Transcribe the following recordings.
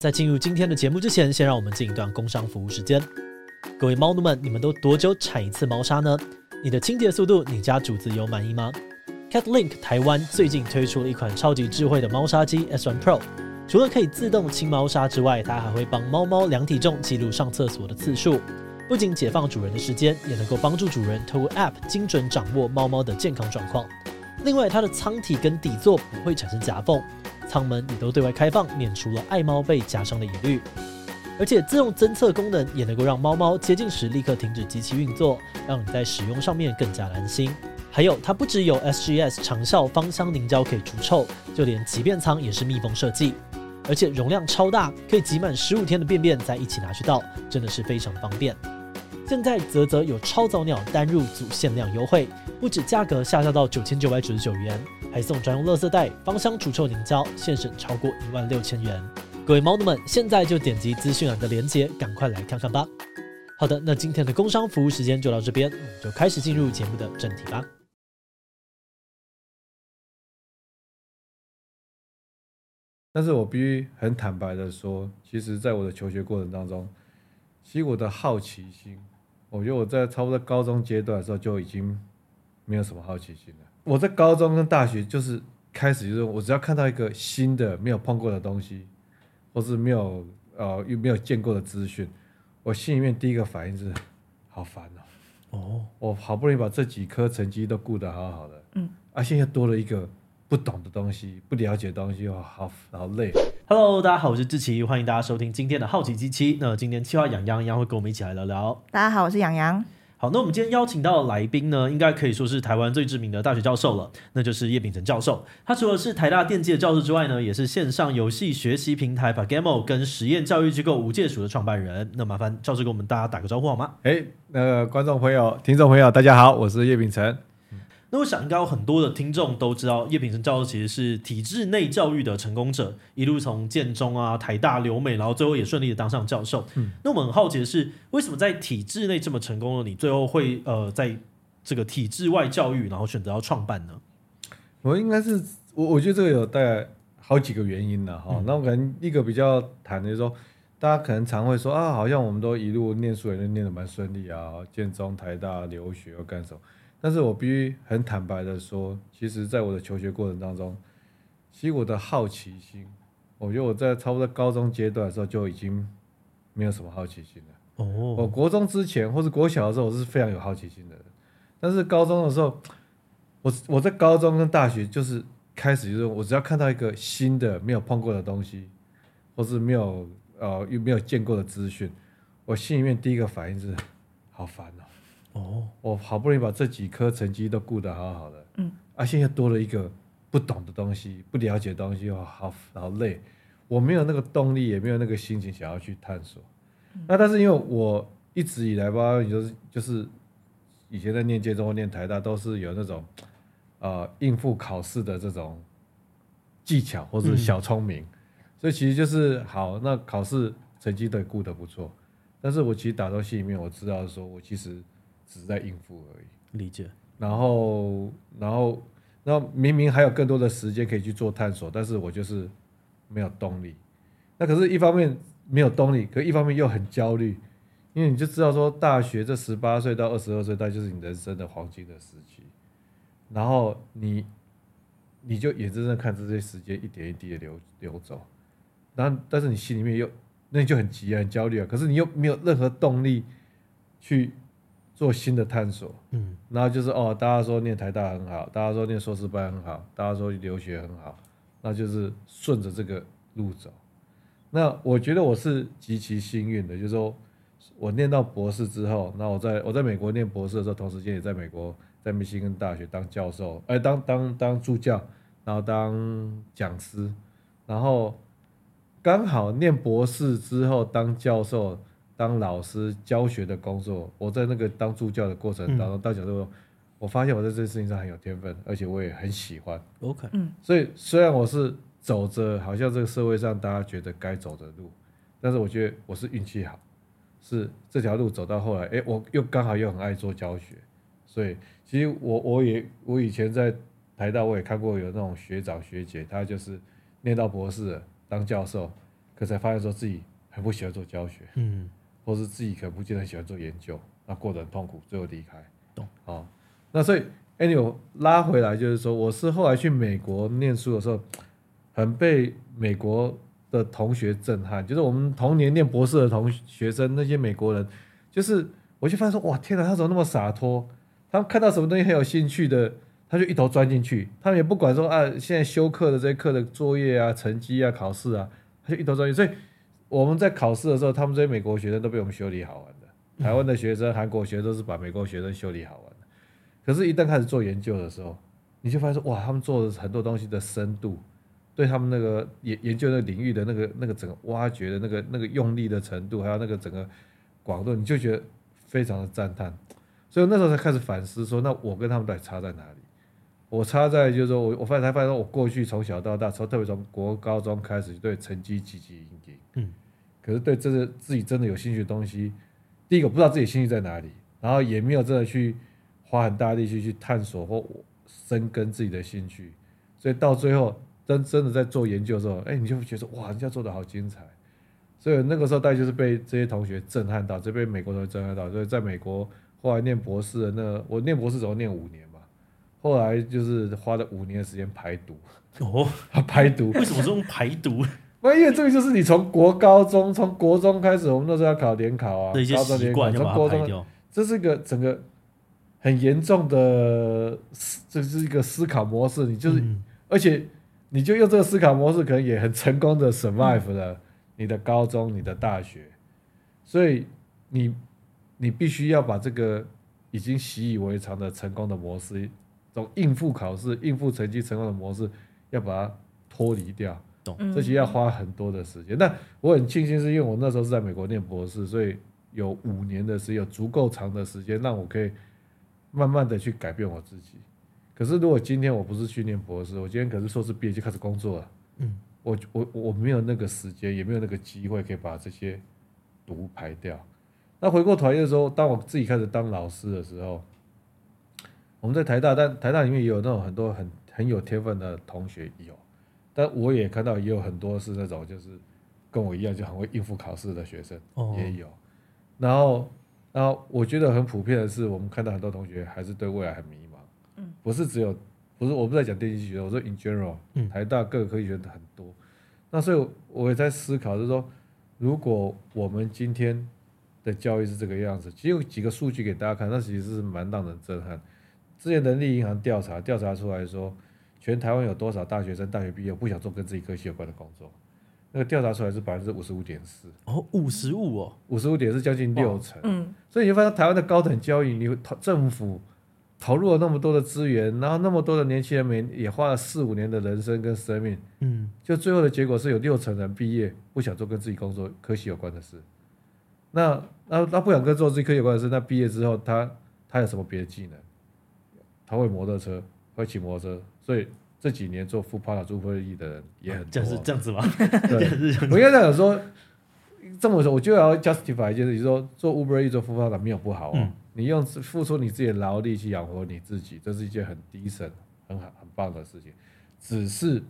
在進入今天的節目之前，先讓我們進一段工商服務時間。各位貓奴們，你們都多久鏟一次貓砂呢？你的清潔速度，你家主子有滿意嗎？CATLINK 台灣最近推出了一款超級智慧的貓砂機 S1 Pro，除了可以自動清貓砂之外，它還會幫貓貓量體重、記錄上廁所的次數，不僅解放主人的時間，也能夠幫助主人透過 App 精準掌握貓貓的健康狀況。另外，它的艙體跟底座不會產生夾縫。艙門也都對外開放，免除了愛貓被夾傷的疑慮，而且自動偵測功能也能夠讓貓貓接近時立刻停止機器運作，讓你在使用上面更加安心。還有，它不只有 SGS 長效芳香凝膠可以除臭，就連集便艙也是密封設計，而且容量超大，可以集滿十五天的便便再一起拿去倒，真的是非常方便。現在嘖嘖有超早鳥單入組限量優惠，不止價格下降到九千九百九十九元，還送專用樂色袋、芳香除臭凝膠，現省超過一萬六千元。各位貓奴們，現在就點擊資訊欄的鏈接，趕快來看看吧。好的，那今天的工商服務時間就到這邊，我們就開始進入節目的正題吧。但是我必須很坦白的說，其實，在我的求學過程當中，其實我的好奇心。我覺得我在差不多高中階段的時候就已經沒有什麼好奇心了。我在高中跟大學就是開始就是我只要看到一個新的沒有碰過的東西，或是沒有呃又沒有見過的資訊，我心裡面第一個反應是好煩哦。哦，我好不容易把這幾科成績都顧得好好的，嗯，啊，現在多了一個不懂的東西，不了解的東西，哦，好，好累。Hello，大家好，我是志祺，歡迎大家收聽今天的好奇機器。那今天企劃，羊羊，羊會跟我們一起來聊聊。大家好，我是羊羊。好，那我們今天邀請到的來賓呢，應該可以說是台灣最知名的大學教授了，那就是葉丙成教授。他除了是台大電機的教授之外呢，也是線上遊戲學習平台 PaGamO 跟實驗教育機構無界塾的創辦人。那麻煩教授給我們大家打個招呼好嗎？哎，呃、那個，觀眾朋友、聽眾朋友，大家好，我是葉丙成。那我想應該有很多的聽眾都知道葉丙成教授其實是體制內教育的成功者，一路從建中啊、台大留美，然後最後也順利的當上教授。嗯，那我們很好奇的是，為什麼在體制內這麼成功的你，最後會、嗯、呃在這個體制外教育，然後選擇要創辦呢？我應該是我我覺得這個有大概好幾個原因的哈。嗯、那我可能一個比較談的就是說，大家可能常會說啊，好像我們都一路念書也都念的蠻順利啊，建中、台大留學又幹什麼？但是我必須很坦白的說，其實，在我的求學過程當中，其實我的好奇心，我覺得我在差不多高中階段的時候就已經沒有什麼好奇心了。哦。Oh. 我國中之前或者國小的時候，我是非常有好奇心的人。但是高中的時候，我我在高中跟大學就是開始，就是我只要看到一個新的沒有碰過的東西，或是沒有呃又沒有見過的資訊，我心裡面第一個反應是好煩哦、喔。哦，oh, 我好不容易把這幾科成績都顧得好好的，嗯，啊，現在多了一個不懂的東西，不了解的東西，哇好好累，我沒有那個動力，也沒有那個心情想要去探索。嗯、那但是因為我一直以來吧，就是就是以前在念建中或念台大，都是有那種啊、呃、應付考試的這種技巧或者小聰明，嗯、所以其實就是好，那考試成績都顧得不錯，但是我其實打到心裡面，我知道說我其實。只是在應付而已，理解。然後，然後，然後明明還有更多的時間可以去做探索，但是我就是沒有動力。那可是，一方面沒有動力，可一方面又很焦慮，因為你就知道說，大學這十八歲到二十二歲，大概就是你人生的黃金的時期。然後你，你就眼睜睜看這些時間一點一滴的流流走。那但是你心裡面又那你就很急啊，很焦慮啊。可是你又沒有任何動力去。做新的探索，嗯，然後就是哦，大家說念台大很好，大家說念碩士班很好，大家說留學很好，那就是順着這個路走。那我覺得我是極其幸運的，就是說我念到博士之後，那我在我在美國念博士的時候，同時間也在美國在密西根大學當教授，哎，當當當助教，然後當講師，然後剛好念博士之後當教授。當老師教學的工作，我在那個當助教的過程當中，嗯、到講說，我發現我在這個事情上很有天分，而且我也很喜歡。OK，所以雖然我是走着好像這個社會上大家覺得該走的路，但是我覺得我是運氣好，是這條路走到後來，哎，我又剛好又很愛做教學，所以其實我我也我以前在台大我也看過有那種學長學姐，他就是念到博士當教授，可是才發現說自己很不喜歡做教學。嗯。或是自己可能不見得喜歡做研究，那過得很痛苦，最後離開。懂啊？好那所以，anyway，、欸、拉回來就是說，我是後來去美國念書的時候，很被美國的同學震撼。就是我們同年念博士的同學生，那些美國人，就是我就發現說，哇，天吶，他怎麼那麼灑脫？他們看到什麼東西很有興趣的，他就一頭鑽進去，他們也不管說啊，現在修課的這些課的作業啊、成績啊、考試啊，他就一頭鑽進去。所以。我們在考試的時候，他們這些美國學生都被我們修理好玩的。台灣的學生、韓國學生都是把美國學生修理好玩的。可是，一旦開始做研究的時候，你就發現說，哇，他們做的很多東西的深度，對他們那個研研究的領域的那個那個整個挖掘的那個那個用力的程度，還有那個整個廣度，你就覺得非常的讚嘆。所以那時候才開始反思說，那我跟他們到底差在哪裡？我差在就是說，我我發現發現我過去從小到大，從特別從國高中開始，對成績汲汲營營，嗯，可是對這個自己真的有興趣的東西，第一個不知道自己的興趣在哪裡，然後也沒有真的去花很大力氣去探索或深耕自己的興趣，所以到最後真真的在做研究的時候，哎，你就會覺得哇，人家做得好精彩，所以那個時候大概就是被這些同學震撼到，就被美國人震撼到，所以在美國後來念博士的那個、我念博士總共念五年。後來就是花了五年的時間排毒哦，oh, 排毒為什麼這種排毒？ 因為這個就是你從國高中、從國中開始，我們都是要考聯考啊，這些習慣就把它排掉。這是一個整個很嚴重的思，這是一個思考模式。你就是，嗯、而且你就用這個思考模式，可能也很成功的 survive 了你的高中、嗯、你的大學。所以你你必須要把這個已經習以為常的成功的模式。這種應付考試、應付成績、成功的模式，要把它脫離掉。Oh, um. 這些要花很多的時間。那我很慶幸，是因為我那時候是在美國念博士，所以有五年的時間，有足夠長的時間，讓我可以慢慢的去改變我自己。可是，如果今天我不是去念博士，我今天可是碩士畢業就開始工作了。嗯，我我我沒有那個時間，也沒有那個機會可以把這些毒排掉。那回過頭來的時候，當我自己開始當老師的時候。我們在台大，但台大裡面也有那種很多很很有天分的同學有，但我也看到也有很多是那種就是跟我一樣就很會應付考試的學生也有。Oh. 然後，然後我覺得很普遍的是，我們看到很多同學還是對未來很迷茫。嗯，不是只有，不是我不在講電機系，我說 in general，台大各個科系學的很多。那所以我也在思考，就是說，如果我們今天的教育是這個樣子，只有幾個數據給大家看，那其實是蠻讓人震撼。之前人力銀行調查調查出來說，全台灣有多少大學生大學畢業不想做跟自己科系有關的工作？那個調查出來是百分之五十五點四哦，五十五哦，五十五點是將近六成。哦嗯、所以你會發現台灣的高等教育，你投政府投入了那麼多的資源，然後那麼多的年輕人每也花了四五年的人生跟生命，嗯，就最後的結果是有六成人畢業不想做跟自己工作科系有關的事。那那那、啊、不想跟做自己科系有關的事，那畢業之後他他有什麼別的技能？他會摩托車，會騎摩托車，所以這幾年做 foodpanda 租分 E 的人也很多。啊、這樣這樣子嗎？對子我應該這樣說，這麼說，我就要 justify 一件事情，就是、說做 Uber Eats 做 foodpanda 沒有不好，哦嗯、你用付出你自己的勞力去養活你自己，這是一件很 decent，很好，很棒的事情。只是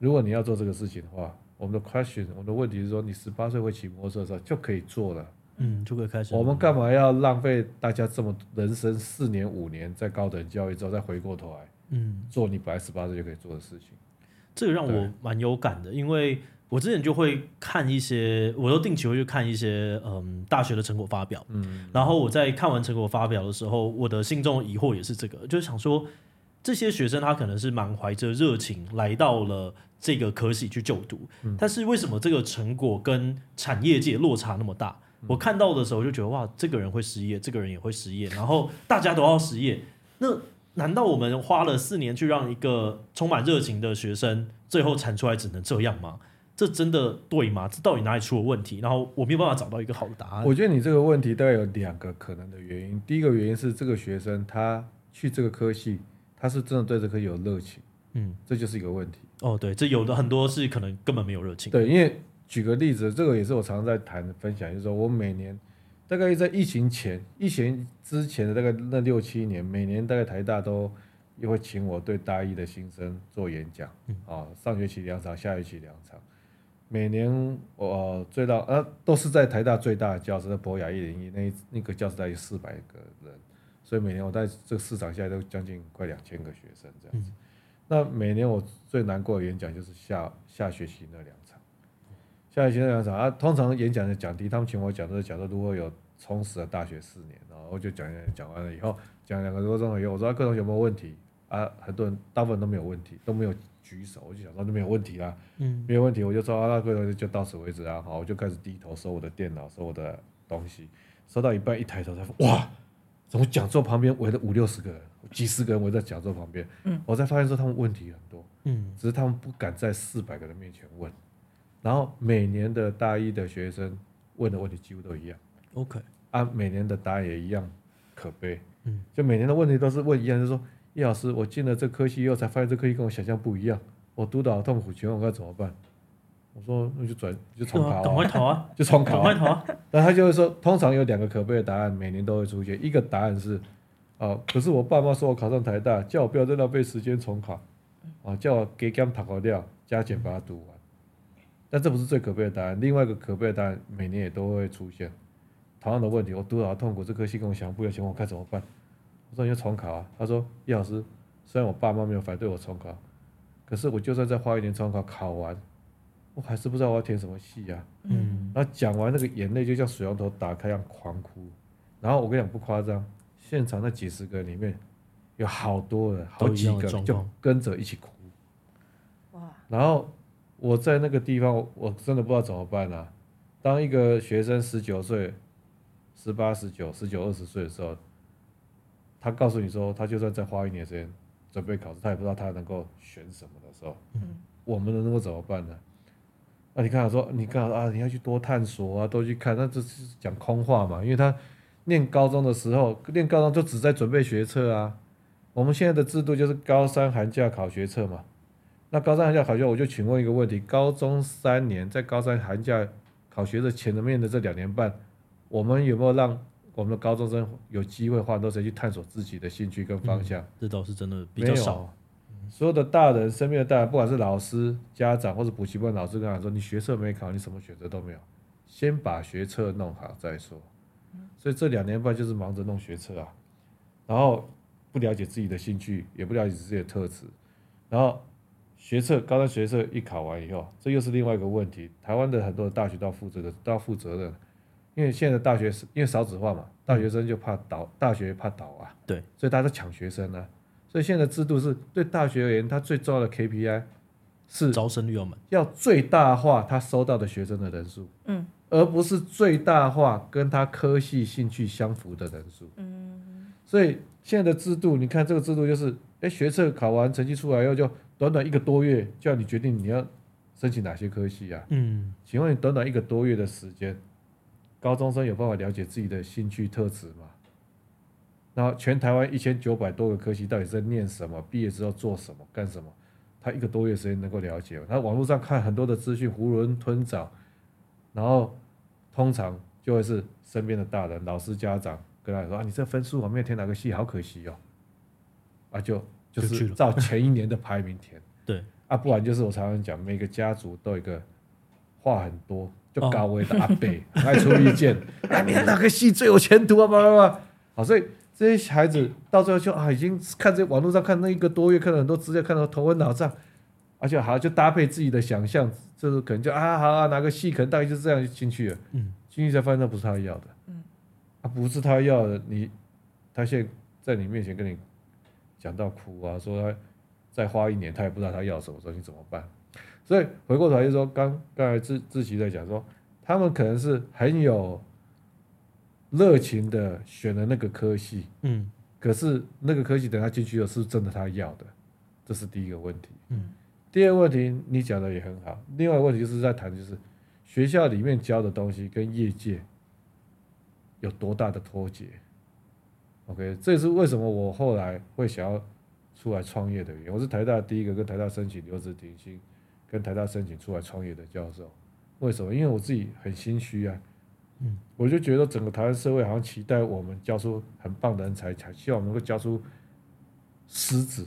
如果你要做這個事情的話，我們的 question，我們的問題是說，你十八歲會騎摩托車的時候就可以做了。嗯，就可以開始。我們幹嘛要浪費大家這麼人生四年五年在高等教育之後再回過頭來？嗯，做你本來十八歲就可以做的事情。這個讓我蠻有感的，對因為我之前就會看一些，我都定期會去看一些，嗯，大學的成果發表。嗯，然後我在看完成果發表的時候，我的心中的疑惑也是這個，就是想說，這些學生他可能是滿懷着熱情來到了這個科系去就讀，嗯，但是為什麼這個成果跟產業界落差那麼大？我看到的時候就覺得哇，這個人會失業，這個人也會失業，然後大家都要失業。那難道我們花了四年去讓一個充滿熱情的學生，最後產出來只能這樣嗎？這真的對嗎？這到底哪裡出了問題？然後我沒有辦法找到一個好的答案。我覺得你這個問題大概有兩個可能的原因。第一個原因是這個學生他去這個科系，他是真的對這個有熱情，嗯，這就是一個問題。哦，對，這有的很多是可能根本沒有熱情。對，因為。舉個例子，這個也是我常常在談分享，就是說我每年大概在疫情前、疫情之前的大概那六七年，每年大概台大都又會請我對大一的新生做演講，哦、嗯啊，上學期兩場，下學期兩場。每年我、呃、最大啊，都是在台大最大的教室，博雅一零一那那個教室大約四百個人，所以每年我在這個四場下都將近快兩千個學生這樣子。嗯、那每年我最難過的演講就是下下學期那兩。在行政講啊，通常演講就講的講題，他們請我講的講的。如果有充實的大學四年，然後我就講講講完了以後，講兩個多鐘頭以後，我說、啊、各位同學有沒有問題啊？很多人大部分都沒有問題，都沒有舉手，我就想說都沒有問題啦，嗯、沒有問題，我就說啊，那各位同學就到此為止啊，好，我就開始低頭收我的電腦，收我的東西，收到一半一抬頭才，他說哇，從講座旁邊圍了五六十個人，幾十個人圍在講座旁邊，嗯、我才發現說他們問題很多，只是他們不敢在四百個人面前問。然後每年的大一的學生問的問題幾乎都一樣，OK，啊，每年的答案也一樣，可悲，嗯，就每年的問題都是問一樣，就是說，葉老師，我進了這科系以後，才發現這科系跟我想象不一樣，我讀得好痛苦，請問我該怎麼辦？我說那就轉，就重考啊，啊，啊就重考，轉回啊。那、啊、他就會說，通常有兩個可悲的答案，每年都會出現，一個答案是，啊、呃，可是我爸媽說我考上台大，叫我不要再浪費時間重考，啊、呃，叫我給姜塔考掉，加減把它讀完。嗯但這不是最可悲的答案，另外一個可悲的答案每年也都會出現同樣的問題。我讀了好痛苦，這科系跟我想的不一樣，我該怎麼辦？我說你要重考啊。他說葉老師，雖然我爸媽沒有反對我重考，可是我就算再花一年重考，考，考完我還是不知道我要填什麼系啊。嗯。然後講完那個眼淚就像水龍頭打開一樣狂哭，然後我跟你講不誇張，現場那幾十個人裡面有好多人，好幾個就跟着一起哭。哇。然後。我在那個地方，我真的不知道怎麼辦呢、啊、當一個學生十九歲、十八、十九、十九、二十歲的時候，他告訴你說，他就算再花一年時間準備考試，他也不知道他能夠選什麼的時候，嗯、我們能夠怎麼辦呢、啊？啊，你剛才說，你剛才啊，你要去多探索啊，多去看，那這是講空話嘛？因為他念高中的時候，念高中就只在準備學測啊。我們現在的制度就是高三寒假考學測嘛。那高三寒假考學，我就請問一個問題：高中三年，在高三寒假考學的前面的這兩年半，我們有沒有讓我們的高中生有機會花很多時間去探索自己的興趣跟方向？嗯，這倒是真的比較少。沒有，所有的大人身邊的大人，不管是老師、家長或者補習班老師，跟他說：“你學測沒考，你什麼選擇都沒有，先把學測弄好再說。”所以這兩年半就是忙着弄學測啊，然後不了解自己的興趣，也不了解自己的特質，然後。學測，高三學測。一考完以後，這又是另外一個問題。台灣的很多大學都要負責的，都要負責的，因為現在的大學，因為少子化嘛，大學生就怕倒，大學怕倒啊。對，所以大家都搶學生呢、啊。所以現在的制度是對大學而言，它，最重要的 KPI 是招生率要滿，要最大化他收到的學生的人數，嗯，而不是最大化跟他科系興趣相符的人數。嗯，所以現在的制度，你看這個制度就是，哎、欸，學測考完成績出來以後就。短短一個多月，叫你決定你要申請哪些科系啊。嗯，請問你短短一個多月的時間，高中生有辦法了解自己的興趣特質嗎？然後全台灣一千九百多個科系，到底在念什麼？畢業之後做什麼？幹什麼？他一個多月時間能夠了解？他網絡上看很多的資訊，囫圇吞棗，然後通常就會是身邊的大人、老師、家長跟他說：“啊，你這分數我沒有填哪個系，好可惜哦。”啊，就。就是照前一年的排名填， 對啊，不然就是我常常講，每個家族都有一個話很多、就高位的、哦、阿北，愛出意見，哎， 啊、你看哪個系最有前途啊？叭叭叭，好，所以這些孩子到最後就啊，已經看這網絡上看那一個多月，看了很多資料，看到頭昏腦脹，而、啊、且好像就搭配自己的想象，就是可能就啊好啊，哪個系可能大概就是這樣進去了，嗯，進去才發現那不是他要的，嗯，他、啊、不是他要的，你他現在在你面前跟你，講到哭啊，說他再花一年，他也不知道他要什麼東西，你怎麼辦？所以回過頭來就說，剛剛才志志祺在講說，他們可能是很有熱情的選了那個科系，嗯，可是那個科系等他進去了，是不是真的他要的？這是第一個問題。嗯，第二問題你講的也很好。另外一個問題就是在談就是學校裡面教的東西跟業界有多大的脫節。O.K. 這也是為什麼我後來會想要出來創業的原因。我是台大第一個跟台大申請留職停薪，跟台大申請出來創業的教授。為什麼？因為我自己很心虛啊。嗯，我就覺得整個台灣社會好像期待我們教出很棒的人才，才希望我們能夠教出獅子。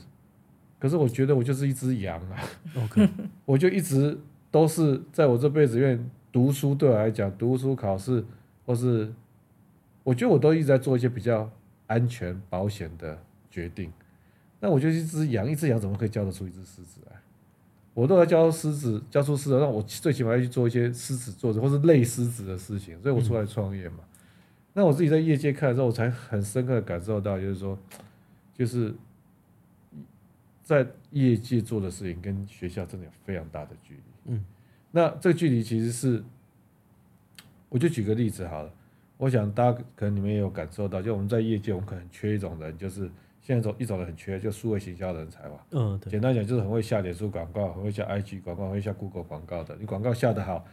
可是我覺得我就是一隻羊啊。O.K. 我就一直都是在我這輩子，因為讀書對我來講，讀書考試或是，我覺得我都一直在做一些比較。安全保險的決定，那我覺得一隻羊，一隻羊怎麼可以教得出一隻獅子來啊？我都要教獅子，教出獅子，那我最起碼要去做一些獅子做的或是類獅子的事情。所以我出來創業嘛。嗯，那我自己在業界看的時候，我才很深刻的感受到，就是說，就是在業界做的事情跟學校真的有非常大的距離。嗯，那這個距離其實是，我就舉個例子好了。我想大家可能你們也有感受到，就我們在業界，我們可能缺一種人，就是現在一種一種人很缺，就數位行銷人才嘛。嗯，對。簡單講就是很會下臉書廣告，很會下 IG 廣告，很會下 Google 廣告的。你廣告下得好，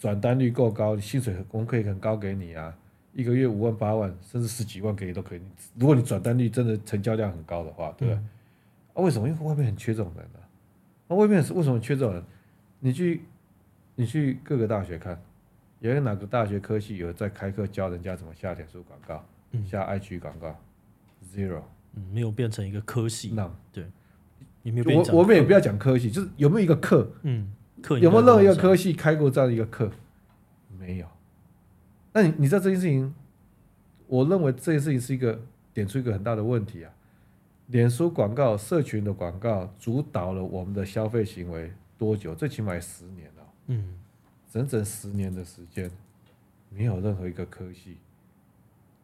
轉單率夠高，薪水很，我們可以很高給你啊，一個月五萬八萬甚至十幾萬給你都可以。如果你轉單率真的成交量很高的話，對不對？嗯、啊，為什麼？因為外面很缺這種人呢、啊？那、啊、外面是為什麼缺這種人？你去，你去各個大學看。覺得哪個大學科系有在開課教人家怎麼下臉書廣告、嗯、下 IG 廣告、Zero？、嗯、沒有變成一個科系。那 No 對，有沒有我？我我們也不要講科系，就是有沒有一個課？嗯，有沒有任何一個科系開過這樣的一個課？沒有。那你你知道這件事情？我認為這件事情是一個點出一個很大的問題啊！臉書廣告、社群的廣告主導了我們的消費行為多久？最起碼十年了。嗯。整整十年的時間，沒有任何一個科系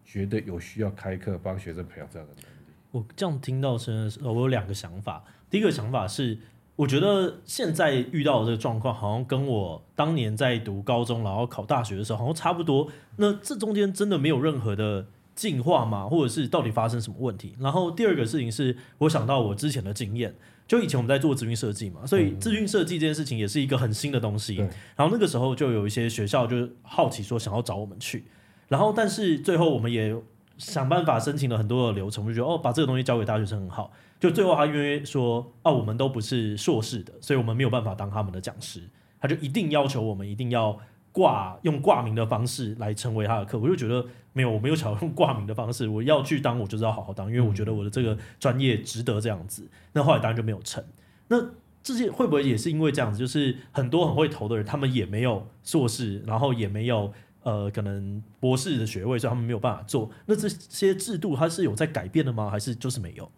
覺得有需要開課幫學生培養這樣的能力。我這樣聽到聲音的時候，我有兩個想法。第一個想法是，我覺得現在遇到的這個狀況，好像跟我當年在讀高中，然後考大學的時候，好像差不多。那這中間真的沒有任何的進化嗎？或者是到底發生什麼問題？然後第二個事情是，我想到我之前的經驗。就以前我們在做資訊設計嘛，所以資訊設計這件事情也是一個很新的東西。嗯、然後那個時候就有一些學校就好奇說想要找我們去，然後但是最後我們也想辦法申請了很多的流程，我就覺得哦，把這個東西交給大學生很好。就最後他因為說啊，我們都不是碩士的，所以我們沒有辦法當他們的講師，他就一定要求我們一定要掛用掛名的方式來成為他的課，我就覺得。沒有，我沒有想用掛名的方式。我要去當，我就是要好好當，因為我覺得我的這個專業值得這樣子。嗯、那後來當然就沒有成。那這些會不會也是因為這樣子？就是很多很會投的人，嗯、他們也沒有碩士，然後也沒有呃，可能博士的學位，所以他們沒有辦法做。那這些制度它是有在改變的嗎？還是就是沒有？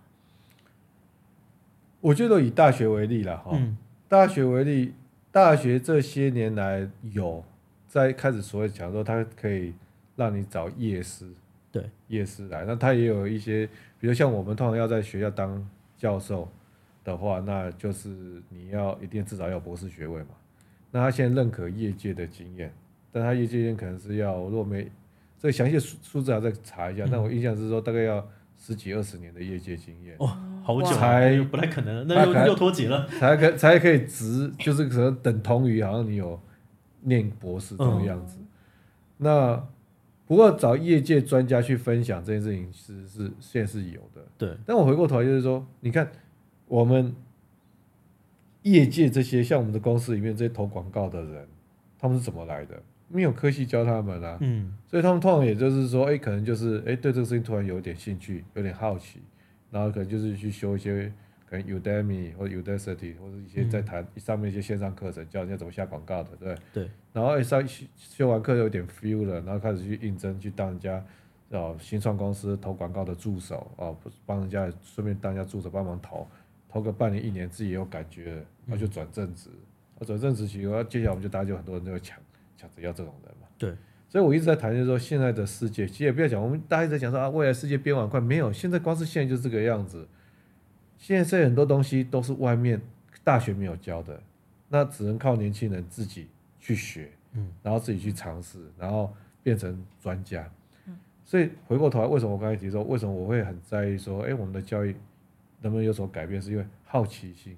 我覺得以大學為例了哈，嗯、大學為例，大學這些年來有在開始所謂講說，它可以。讓你找業師，對，業師來，那他也有一些，比如像我們通常要在學校當教授的話，那就是你要一定要至少要博士學位嘛。那他現在認可業界的經驗，但他業界經驗可能是要，如果沒這詳細數數字，還要再查一下。但、嗯、我印象是說，大概要十幾二十年的業界經驗，哦，好久才哇不太可能，那就又脫節了才，才可才可以直，就是可能等同於好像你有念博士這個樣子，嗯、那。不過找業界專家去分享這件事情，其實是現在是有的。對，但我回過頭來就是說，你看我們業界這些，像我們的公司裡面這些投廣告的人，他們是怎麼來的？沒有科系教他們啊，嗯，所以他們通常也就是說，哎，可能就是哎對這個事情突然有點興趣，有點好奇，然後可能就是去修一些。Udemy 或者 Udacity 或者一些在談上面一些線上課程，教人家怎麼下廣告的。對，對，對，然後上修完課就有點 feel 了，然後開始去應徵，去當人家哦新創公司投廣告的助手哦，幫人家順便當一下助手，幫忙投，投個半年一年，自己也有感覺，那、嗯、就轉正職。然轉正職以後，接下來我們就大家就很多人都搶，搶着要這種人嘛。對。所以我一直在談就是說，現在的世界，其實也不要講，我們大家在講說啊，未來世界變化快，沒有，現在光是現在就是這個樣子。現在這很多東西都是外面大學沒有教的，那只能靠年輕人自己去學，嗯，然後自己去嘗試，然後變成專家。嗯，所以回過頭來，為什麼我剛才提說，為什麼我會很在意說，哎，我們的教育能不能有所改變？是因為好奇心。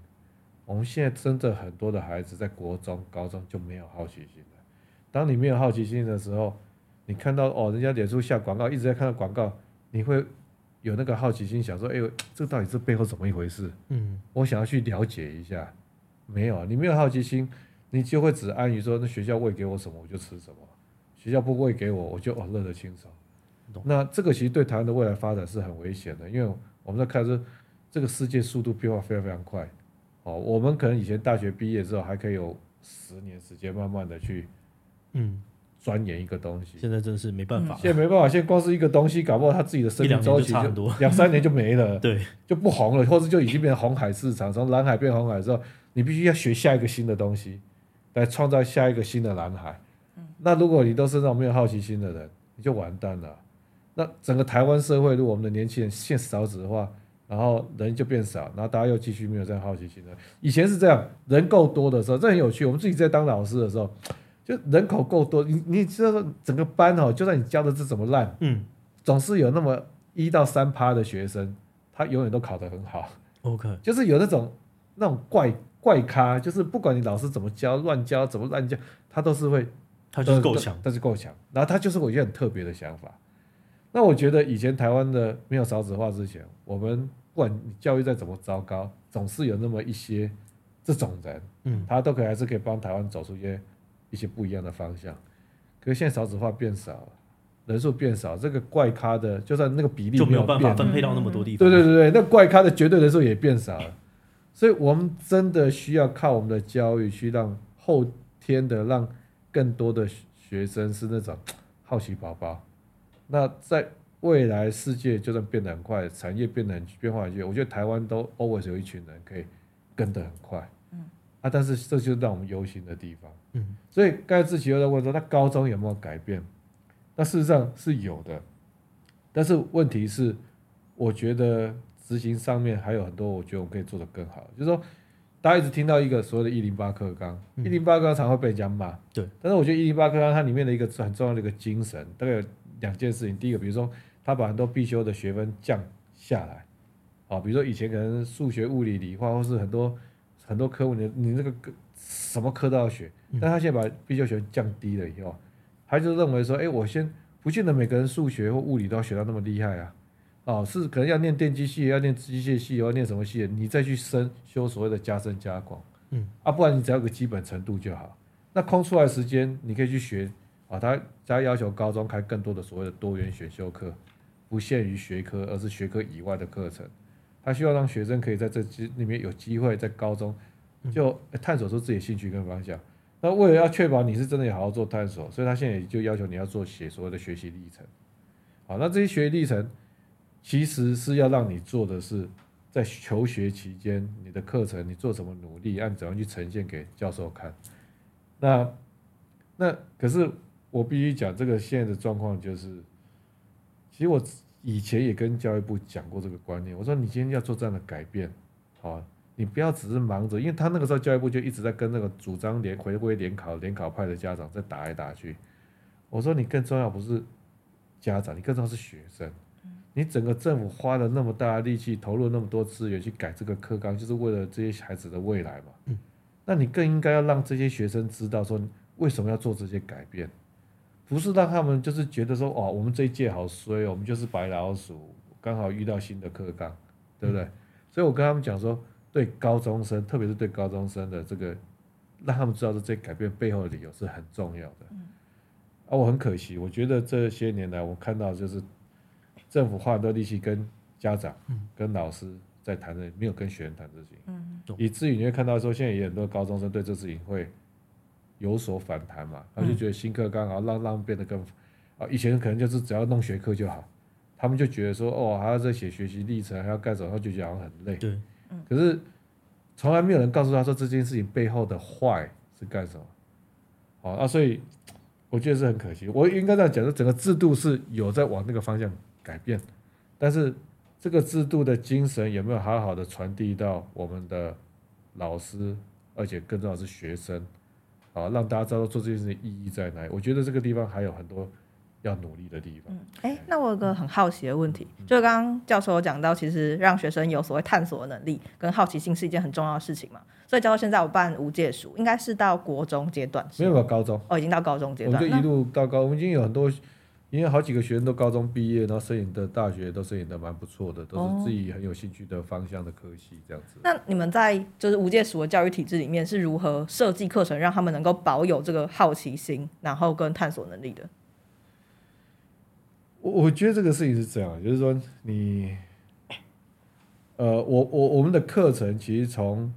我們現在真的很多的孩子在國中、高中就沒有好奇心了。當你沒有好奇心的時候，你看到哦，人家臉書下廣告，一直在看到廣告，你會，有那個好奇心，想說，哎、欸、呦，這到底這背後怎麼一回事？嗯，我想要去了解一下。沒有，你沒有好奇心，你就會只安於說，那學校餵給我什麼我就吃什麼，學校不餵給我我就樂、哦、得輕鬆。懂那這個其實對台灣的未來發展是很危險的，因為我們在看這這個世界速度變化非常非常快。哦，我們可能以前大學畢業之後還可以有十年時間慢慢的去，嗯。鑽研一個東西，現在真是沒辦法。嗯、現在沒辦法，現在光是一個東西，搞不好他自己的生命週期就，兩，就差 兩三年就沒了，對，就不紅了，或者就已經變成紅海市場，從藍海變紅海之後，你必須要學下一個新的東西，來創造下一個新的藍海。嗯、那如果你都是那種沒有好奇心的人，你就完蛋了。那整個台灣社會，如果我們的年輕人現實少子的話，然後人就變少，然後大家又繼續沒有這樣好奇心的。以前是這樣，人夠多的時候，這很有趣。我們自己在當老師的時候。就人口夠多，你你知道整個班哦，就算你教的是怎麼爛，嗯，總是有那麼一到三趴的學生，他永遠都考得很好。OK，就是有那種那種怪怪咖，就是不管你老師怎麼教，亂教怎麼亂教，他都是會，他就是夠強，但是夠強，然後他就是我一些很特別的想法。那我覺得以前台灣的沒有少子化之前，我們不管你教育再怎麼糟糕，總是有那麼一些這種人，嗯，他都可以還是可以幫台灣走出一些。一些不一樣的方向，可是現在少子化變少了，人數變少，這個怪咖的就算那個比例沒變，就沒有辦法分配到那麼多地方啊。對對對，那怪咖的絕對人數也變少了，所以我們真的需要靠我們的教育去讓後天的讓更多的學生是那種好奇寶寶。那在未來世界就算變得很快，產業變得很變化很快，我覺得台灣都 always 有一群人可以跟得很快。啊、但是這就是讓我們憂心的地方。嗯，所以剛才志祺又在問說，那高中有沒有改變？那事實上是有的，但是問題是，我覺得執行上面還有很多，我覺得我們可以做得更好的。就是說，大家一直聽到一個所謂的“一零八課綱”，一零八課綱常會被人家罵。對，但是我覺得一零八課綱它裡面的一個很重要的一個精神，大概有兩件事情。第一個，比如說他把很多必修的學分降下來，啊，比如說以前可能數學、物理、理化或是很多。很多科目，你你那個什麼科都要學，但他現在把必修學降低了以後，他就認為說，誒、欸，我先不見得每個人數學或物理都要學到那麼厲害啊，哦，是可能要念電機系，要念機械系，要念什麼系，你再去深修所謂的加深加廣，嗯，啊，不然你只要有個基本程度就好。那空出來時間你可以去學啊，哦、他要要求高中開更多的所謂的多元選修課，不限於學科，而是學科以外的課程。他需要讓學生可以在這裡面有機會在高中就探索出自己興趣跟方向。那為了要確保你是真的好好做探索，所以他現在也就要求你要做寫所謂的學習歷程。好，那這些學習歷程其實是要讓你做的是在求學期間你的課程你做什麼努力按、啊、怎樣去呈現給教授看。那那可是我必須講這個現在的狀況就是，其實我。以前也跟教育部講過這個觀念，我說你今天要做這樣的改變，好，你不要只是忙着，因為他那個時候教育部就一直在跟那個主張聯回歸聯考聯考派的家長在打來打去。我說你更重要不是家長，你更重要是學生。你整個政府花了那麼大的力氣，投入那麼多資源去改這個課綱，就是為了這些孩子的未來嘛。嗯。那你更應該要讓這些學生知道，說為什麼要做這些改變。不是讓他們就是覺得說，哦，我們這一屆好衰哦，我們就是白老鼠，剛好遇到新的課綱，對不對？嗯、所以我跟他們講說，對高中生，特別是對高中生的這個，讓他們知道這改變背後的理由是很重要的。嗯、啊，我很可惜，我覺得這些年來我看到就是政府花很多力氣跟家長、嗯、跟老師在談的，沒有跟學生談這事情，嗯、以至於你會看到說，現在有很多高中生對這事情會。有所反彈嘛，他就覺得新課綱好讓讓變得更，啊、嗯，以前可能就是只要弄學科就好，他們就覺得說，哦，還要再寫學習歷程，還要幹什麼？他就覺得好像很累。對可是從來沒有人告訴他說這件事情背後的壞是幹什麼？好那、啊、所以我覺得是很可惜。我應該這樣講，說整個制度是有在往那個方向改變，但是這個制度的精神有沒有好好的傳遞到我們的老師，而且更重要是學生？好，讓大家知道做這件事的意義在哪裡。我覺得這個地方還有很多要努力的地方。誒、嗯欸，那我有一個很好奇的問題，嗯、就剛剛教授有講到，其實讓學生有所謂探索的能力跟好奇心是一件很重要的事情嘛。所以教授現在我辦無界塾，應該是到國中階段，沒有到高中哦，已經到高中階段，我就一路到高，那我們已經有很多。因為好幾個學生都高中畢業，然後申請的大學都申請的蠻不錯的，都是自己很有興趣的方向的科系，哦、這樣子。那你們在就是無界塾的教育體制裡面是如何設計課程，讓他們能夠保有這個好奇心，然後跟探索能力的？我我覺得這個事情是這樣，就是說你，呃，我我我們的課程其實從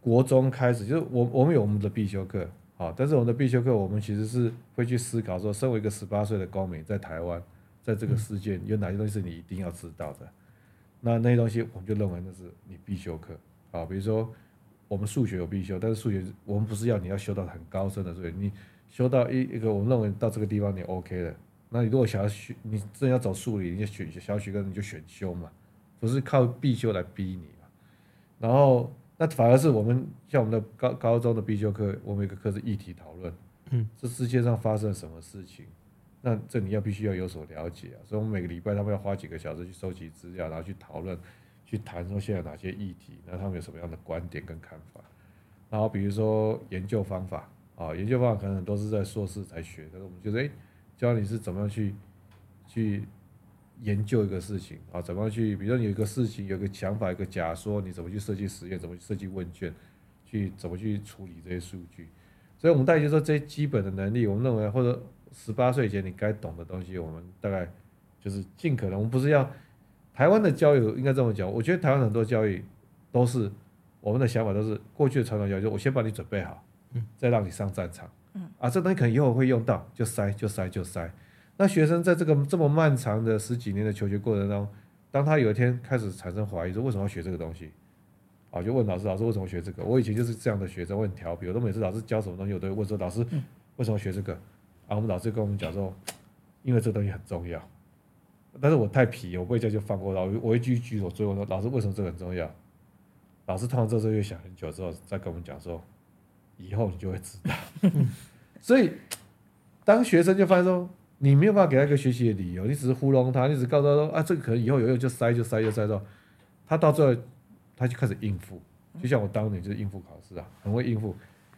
國中開始，就是我我們有我們的必修課。好，但是我們的必修課，我們其實是會去思考說，身為一個十八歲的公民，在台灣，在這個世界，有哪些東西是你一定要知道的？那那些東西，我們就認為那是你必修課。好，比如說我們數學有必修，但是數學我們不是要你要修到很高深的，所以你修到一一個，我們認為到這個地方你 OK 了。那你如果想要學，你真要走數理，你就選小許哥，你就選修嘛，不是靠必修來逼你嘛。然後。那反而是我們像我們的高高中的必修課，我們每個課是議題討論。嗯，這世界上發生了什麼事情？那這你要必須要有所了解啊。所以，我們每個禮拜他們要花幾個小時去收集資料，然後去討論，去談說現在哪些議題，然後他們有什麼樣的觀點跟看法。然後比如說研究方法啊、哦，研究方法可能都是在碩士才學的。我們覺、就、得、是，哎、欸，教你是怎麼樣去去。研究一個事情啊，怎麼樣去？比如說你有一個事情，有個想法，有一個假說，你怎麼去設計實驗？怎麼去設計問卷？去怎麼去處理這些數據？所以，我們大概就是說這些基本的能力，我們認為或者十八歲以前你該懂的東西，我們大概就是盡可能。我們不是要台灣的教育應該這麼講。我覺得台灣很多教育都是我們的想法，都是過去的傳統教育。我先把你準備好，再讓你上戰場，啊，這東西可能以後會用到，就塞就塞就塞。就塞那學生在這個這麼漫長的十幾年的求學過程當中，當他有一天開始產生懷疑，說為什麼要學這個東西，啊，就問老師，老師為什麼學這個？我以前就是這樣的學生，我很調皮，有的每次老師教什麼東西，我都會問說，老師為什麼學這個？然後，啊，我們老師跟我們講說，因為這東西很重要。但是我太皮，我回叫就放過，然後我一句一句我追問說，老師為什麼這個很重要？老師通常這時候又想很久之後再跟我們講說，以後你就會知道。所以當學生就發現說。你沒有辦法給他一個學習的理由，你只是糊弄他，你只告訴他說啊，這個可能以後有用，就塞就塞就塞到他到最後，他就開始應付，就像我當年就是應付考試啊，很會應付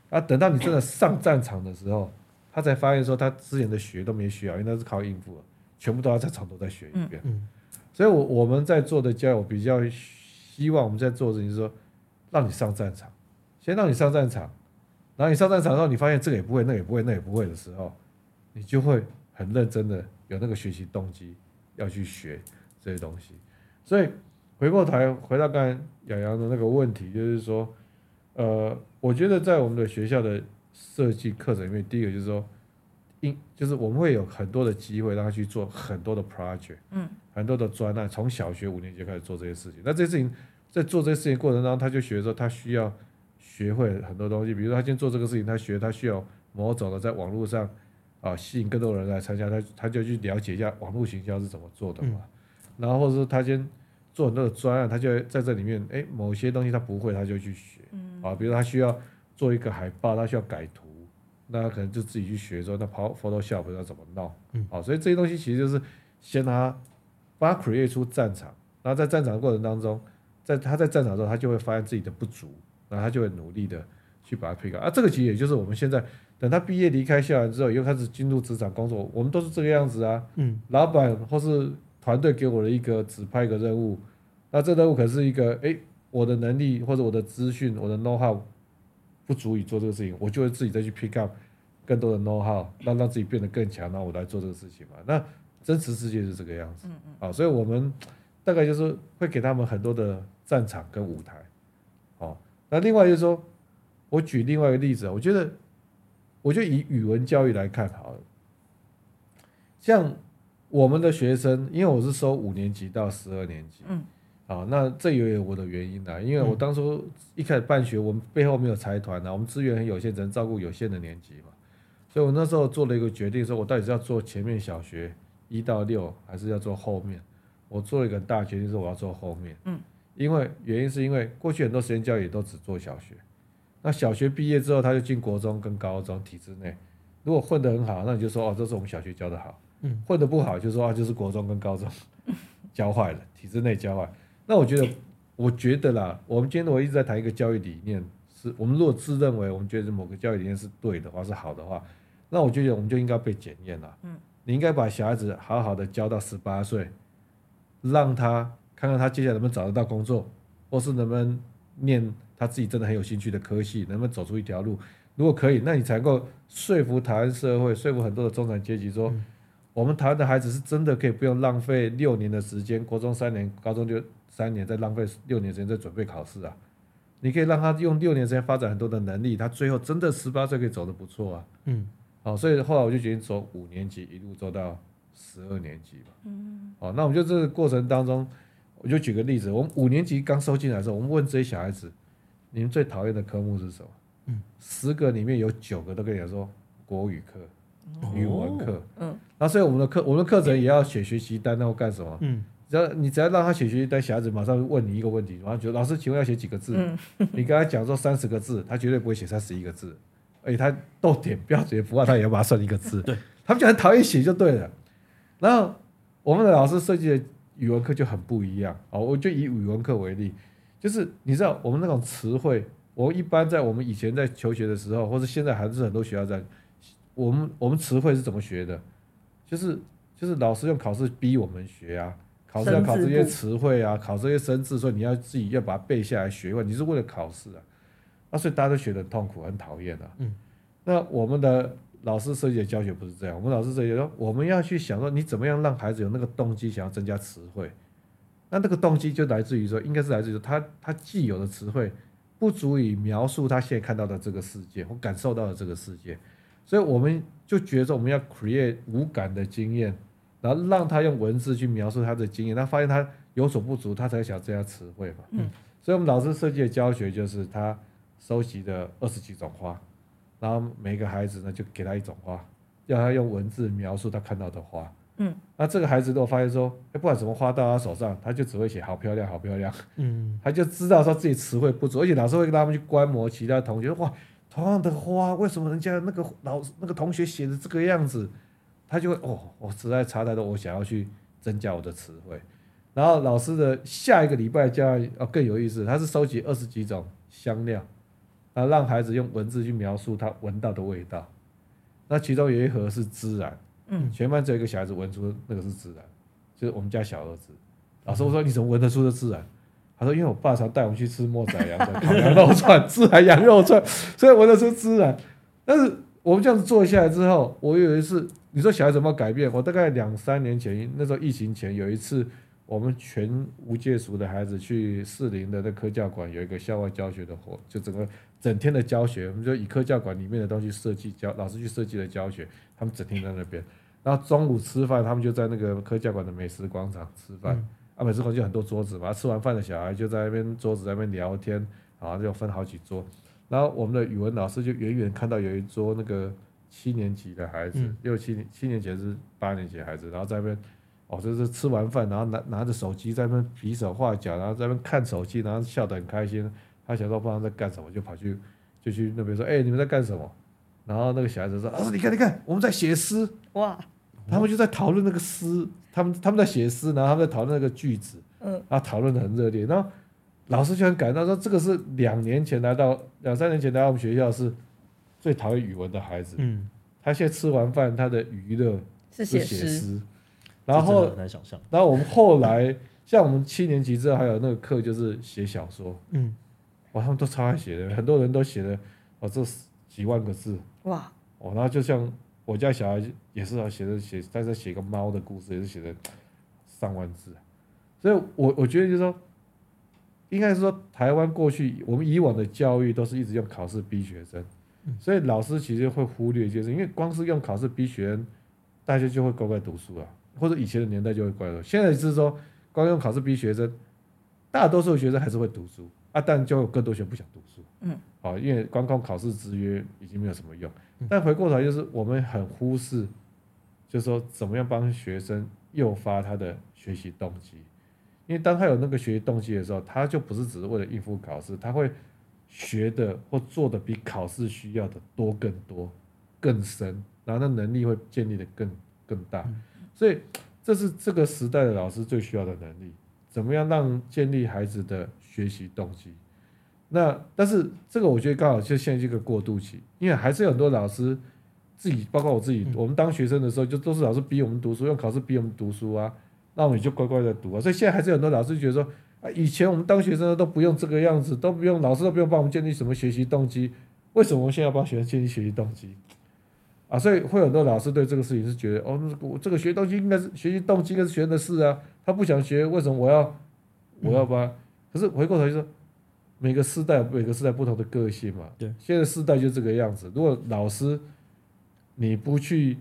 那、啊、等到你真的上戰場的時候，他才發現說他之前的學都沒學啊，因為他是靠應付，全部都要在床頭再學一遍。嗯、所以我，我我們在做的教育我比較希望我們在做的，就是說讓你上戰場，先讓你上戰場，然後你上戰場之後，你發現這個也不會，那也不會，那也不會的時候，你就會。很認真的有那個學習動機要去學這些東西，所以回過頭回到剛剛羊羊的那個問題，就是說，呃，我覺得在我們的學校的設計課程裡面，第一個就是說，應就是我們會有很多的機會讓他去做很多的 project，嗯，很多的專案，從小學五年級開始做這些事情。那這些事情在做這些事情過程當中，他就學說他需要學會很多東西，比如說他今天做這個事情，他學他需要某種的在網絡上。啊，吸引更多人來參加，他他就去了解一下網絡行銷是怎麼做的嘛。嗯、然後或者說他先做很多的專案，他就在在這裡面，誒、欸、某些東西他不會，他就去學。嗯，啊，比如他需要做一個海報，他需要改圖，那他可能就自己去學說那跑 Photoshop 要怎麼弄。嗯，啊，所以這些東西其實就是先他把他 create 出戰場，然後在戰場的過程當中，在他在戰場的時候，他就會發現自己的不足，那他就會努力的去把它 pick up。啊，這個其實也就是我們現在。等他畢業離開校園之後，又開始進入職場工作，我們都是這個樣子啊。嗯，老闆或是團隊給我的一個指派一個任務，那這個任務可是一個，哎，欸，我的能力或者我的資訊，我的 know how，不足以做這個事情，我就會自己再去 pick up 更多的 know how，讓讓自己變得更強，讓我來做這個事情嘛。那真實世界是這個樣子，啊。所以我們大概就是會給他們很多的戰場跟舞台，哦。那另外就是說，我舉另外一個例子，我覺得。我就以語文教育來看，好，像我們的學生，因為我是收五年級到十二年級，嗯，好，那這也有我的原因吶、啊，因為我當初一開始辦學，我們背後沒有財團吶、啊，我們資源很有限，只能照顧有限的年級嘛，所以我那時候做了一個決定，說我到底是要做前面小學一到六，還是要做後面？我做了一個大決定，說我要做後面，嗯，因為原因是因為過去很多實驗教育都只做小學。那小學畢業之後，他就進國中跟高中體制內。如果混得很好，那你就說哦，這是我們小學教得好。嗯，混得不好，就說啊，就是國中跟高中教壞了，體制內教壞。那我覺得，我覺得啦，我們今天我一直在談一個教育理念，是我們如果自認為我們覺得某個教育理念是對的話，是好的話，那我覺得我們就應該被檢驗了。嗯，你應該把小孩子好好的教到十八歲，讓他看看他接下來能不能找得到工作，或是能不能念，他自己真的很有興趣的科系，能不能走出一條路？如果可以，那你才能夠說服台灣社會，說服很多的中產階級說，說、嗯、我們台灣的孩子是真的可以不用浪費六年的時間，國中三年，高中就三年，再浪費六年時間在準備考試啊。你可以讓他用六年時間發展很多的能力，他最後真的十八歲可以走得不錯啊。嗯，好、哦，所以後來我就決定走五年級，一路走到十二年級吧。嗯，好、哦，那我們就這個過程當中，我就舉個例子，我們五年級剛收進來的時候，我們問這些小孩子，你們最討厭的科目是什麼？嗯，十個裡面有九個都跟你說國語課、哦、語文課、哦。嗯，那所以我們的課，我們的課程也要寫學習單，然後幹什麼？嗯、只要你只要讓他寫學習單，小孩子馬上問你一個問題，然後覺得老師，請問要寫幾個字？嗯、 你跟他講說三十個字，他絕對不會寫三十一個字，而且他逗點、標點符號，他也要把它算一個字。對，他們就很討厭寫就對了。然後我們的老師設計的語文課就很不一樣哦。我就以語文課為例。就是你知道我們那種詞彙，我一般在我們以前在求學的時候，或者現在還是很多學校在，我們我們詞彙是怎麼學的？就是就是老師用考試逼我們學啊，考試要考這些詞彙啊，考這些生字，所以你要自己要把它背下來學。因為你是為了考試啊，那、啊、所以大家都學得很痛苦很討厭啊。嗯，那我們的老師設計的教學不是這樣，我們老師設計說我們要去想說你怎麼樣讓孩子有那個動機想要增加詞彙。那這個動機就來自於說，應該是來自於他他既有的詞彙不足以描述他現在看到的這個世界或感受到的這個世界，所以我們就覺得我們要 create 無感的經驗，然後讓他用文字去描述他的經驗，他發現他有所不足，他才想增加詞彙嘛。嗯。所以，我們老師設計的教學就是他收集的二十幾種花，然後每個孩子呢就給他一種花，要他用文字描述他看到的花。嗯，那這個孩子都發現說，不管什麼花到他手上，他就只會寫好漂亮，好漂亮。嗯，他就知道說自己詞彙不足，而且老師會跟他們去觀摩其他同學說，哇，同樣的花，為什麼人家那個老那個同學寫的這個樣子，他就會哦，我實在差太多，我想要去增加我的詞彙。然後老師的下一個禮拜教哦更有意思，他是收集二十幾種香料，啊，讓孩子用文字去描述他聞到的味道。那其中有一盒是孜然。嗯，全班只有一個小孩子聞出那個是孜然，就是我們家小兒子。老師，我說、嗯、你怎麼聞得出是孜然？他說因為我爸常帶我們去吃莫宰羊羊肉串、孜然羊肉串，所以聞得出孜然。但是我們這樣子坐下來之後，我有一次，你說小孩子怎麼改變？我大概兩三年前那時候疫情前有一次，我們全無界塾的孩子去士林的那科教館有一個校外教學的活，就整個。整天的教學，我們就以科教館裡面的東西設計教，老師去設計的教學，他們整天在那邊，然後中午吃飯，他們就在那個科教館的美食廣場吃飯，嗯、啊，美食廣場就很多桌子嘛，吃完飯的小孩就在那邊桌子在那邊聊天，然後就分好幾桌，然後我們的語文老師就遠遠看到有一桌那個七年級的孩子，嗯、六七七年級是八年級孩子，然後在那邊，哦，這、就是吃完飯，然後拿拿着手機在那邊比手畫腳，然後在那邊看手機，然後笑得很開心。他想說不知道在幹什麼，就跑去，就去那邊說：“哎、欸，你們在幹什麼？”然後那個小孩子說：“啊、哦，你看，你看，我們在寫詩哇！”他們就在討論那個詩，他們他們在寫詩，然後他們在討論那個句子，嗯，啊，討論得很熱烈。然後老師就很感動，說：“這個是兩年前來到，兩三年前來到我們學校是最討厭語文的孩子，嗯，他現在吃完飯，他的娛樂是寫詩，然後很難想象。然後我們後來，像我們七年級之後，還有那個課就是寫小說，嗯。”他們都超愛寫的，很多人都寫了哦，這幾萬個字哇！哦，然後就像我家小孩也是啊，寫的寫在這寫個貓的故事，也是寫的上萬字。所以我，我我覺得就是說，應該是說台灣過去我們以往的教育都是一直用考試逼學生，嗯、所以老師其實會忽略一些事，因為光是用考試逼學生，大家就會乖乖讀書啊，或者以前的年代就會乖乖。現在是說，光用考試逼學生，大多數學生還是會讀書。啊，但就有更多學生不想讀書，嗯，好，因為光靠考試制約已經沒有什麼用。嗯、但回過頭，就是我們很忽視，就是說怎麼樣幫學生誘發他的學習動機。因為當他有那個學習動機的時候，他就不是只是為了應付考試，他會學的或做的比考試需要的多更多、更深，然後那能力會建立的更更大。嗯、所以，這是這個時代的老師最需要的能力。怎麼樣讓建立孩子的學習動機？那但是這個我覺得剛好就現在這個過渡期，因為還是有很多老師自己，包括我自己，我們當學生的時候就都是老師逼我們讀書，用考試逼我們讀書啊，那我們就乖乖的讀啊。所以現在還是有很多老師覺得說，啊，以前我們當學生都不用這個樣子，都不用老師都不用幫我們建立什麼學習動機，為什麼我們現在要幫學生建立學習動機？啊，所以會有很多老師對這個事情是覺得，哦，我這個學動機應該是學習動機，應該是學生的事啊。他不想學，為什麼我要？我要把？嗯、可是回過頭就說，每個時代，每個時代不同的個性嘛。對，現在時代就這個樣子。如果老師你不去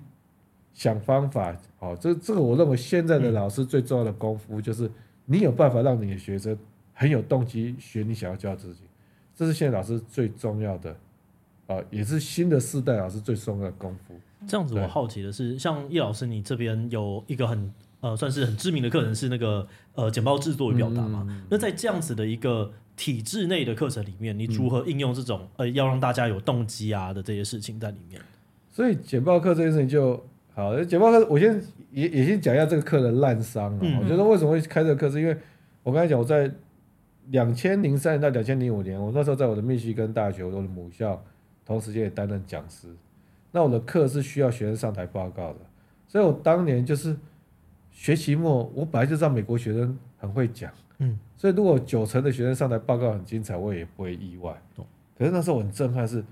想方法，好、哦，這這個我認為現在的老師最重要的功夫就是，你有辦法讓你的學生很有動機學你想要教自己。這是現在老師最重要的啊、哦，也是新的世代老師最重要的功夫。這樣子對，我好奇的是，像葉老師你這邊有一個很。呃，算是很知名的課程是那個呃，簡報制作與表達嘛。嗯嗯嗯嗯，那在這樣子的一個體制內的課程裡面，你如何應用這種、嗯、呃，要讓大家有動機啊的這些事情在裡面？所以簡報課這件事情就好，簡報課我先也也先講一下這個課的濫觴啊。嗯嗯，我覺得為什麼會開這個課，是因為我剛才講我在兩千零三年到兩千零五年，我那時候在我的密西根大學，我的母校，同時間也擔任講師。那我的課是需要學生上台報告的，所以我當年就是。學期末，我本來就知道美國學生很會講，嗯，所以如果九成的學生上台報告很精彩，我也不會意外。嗯、可是那時候我很震撼是，是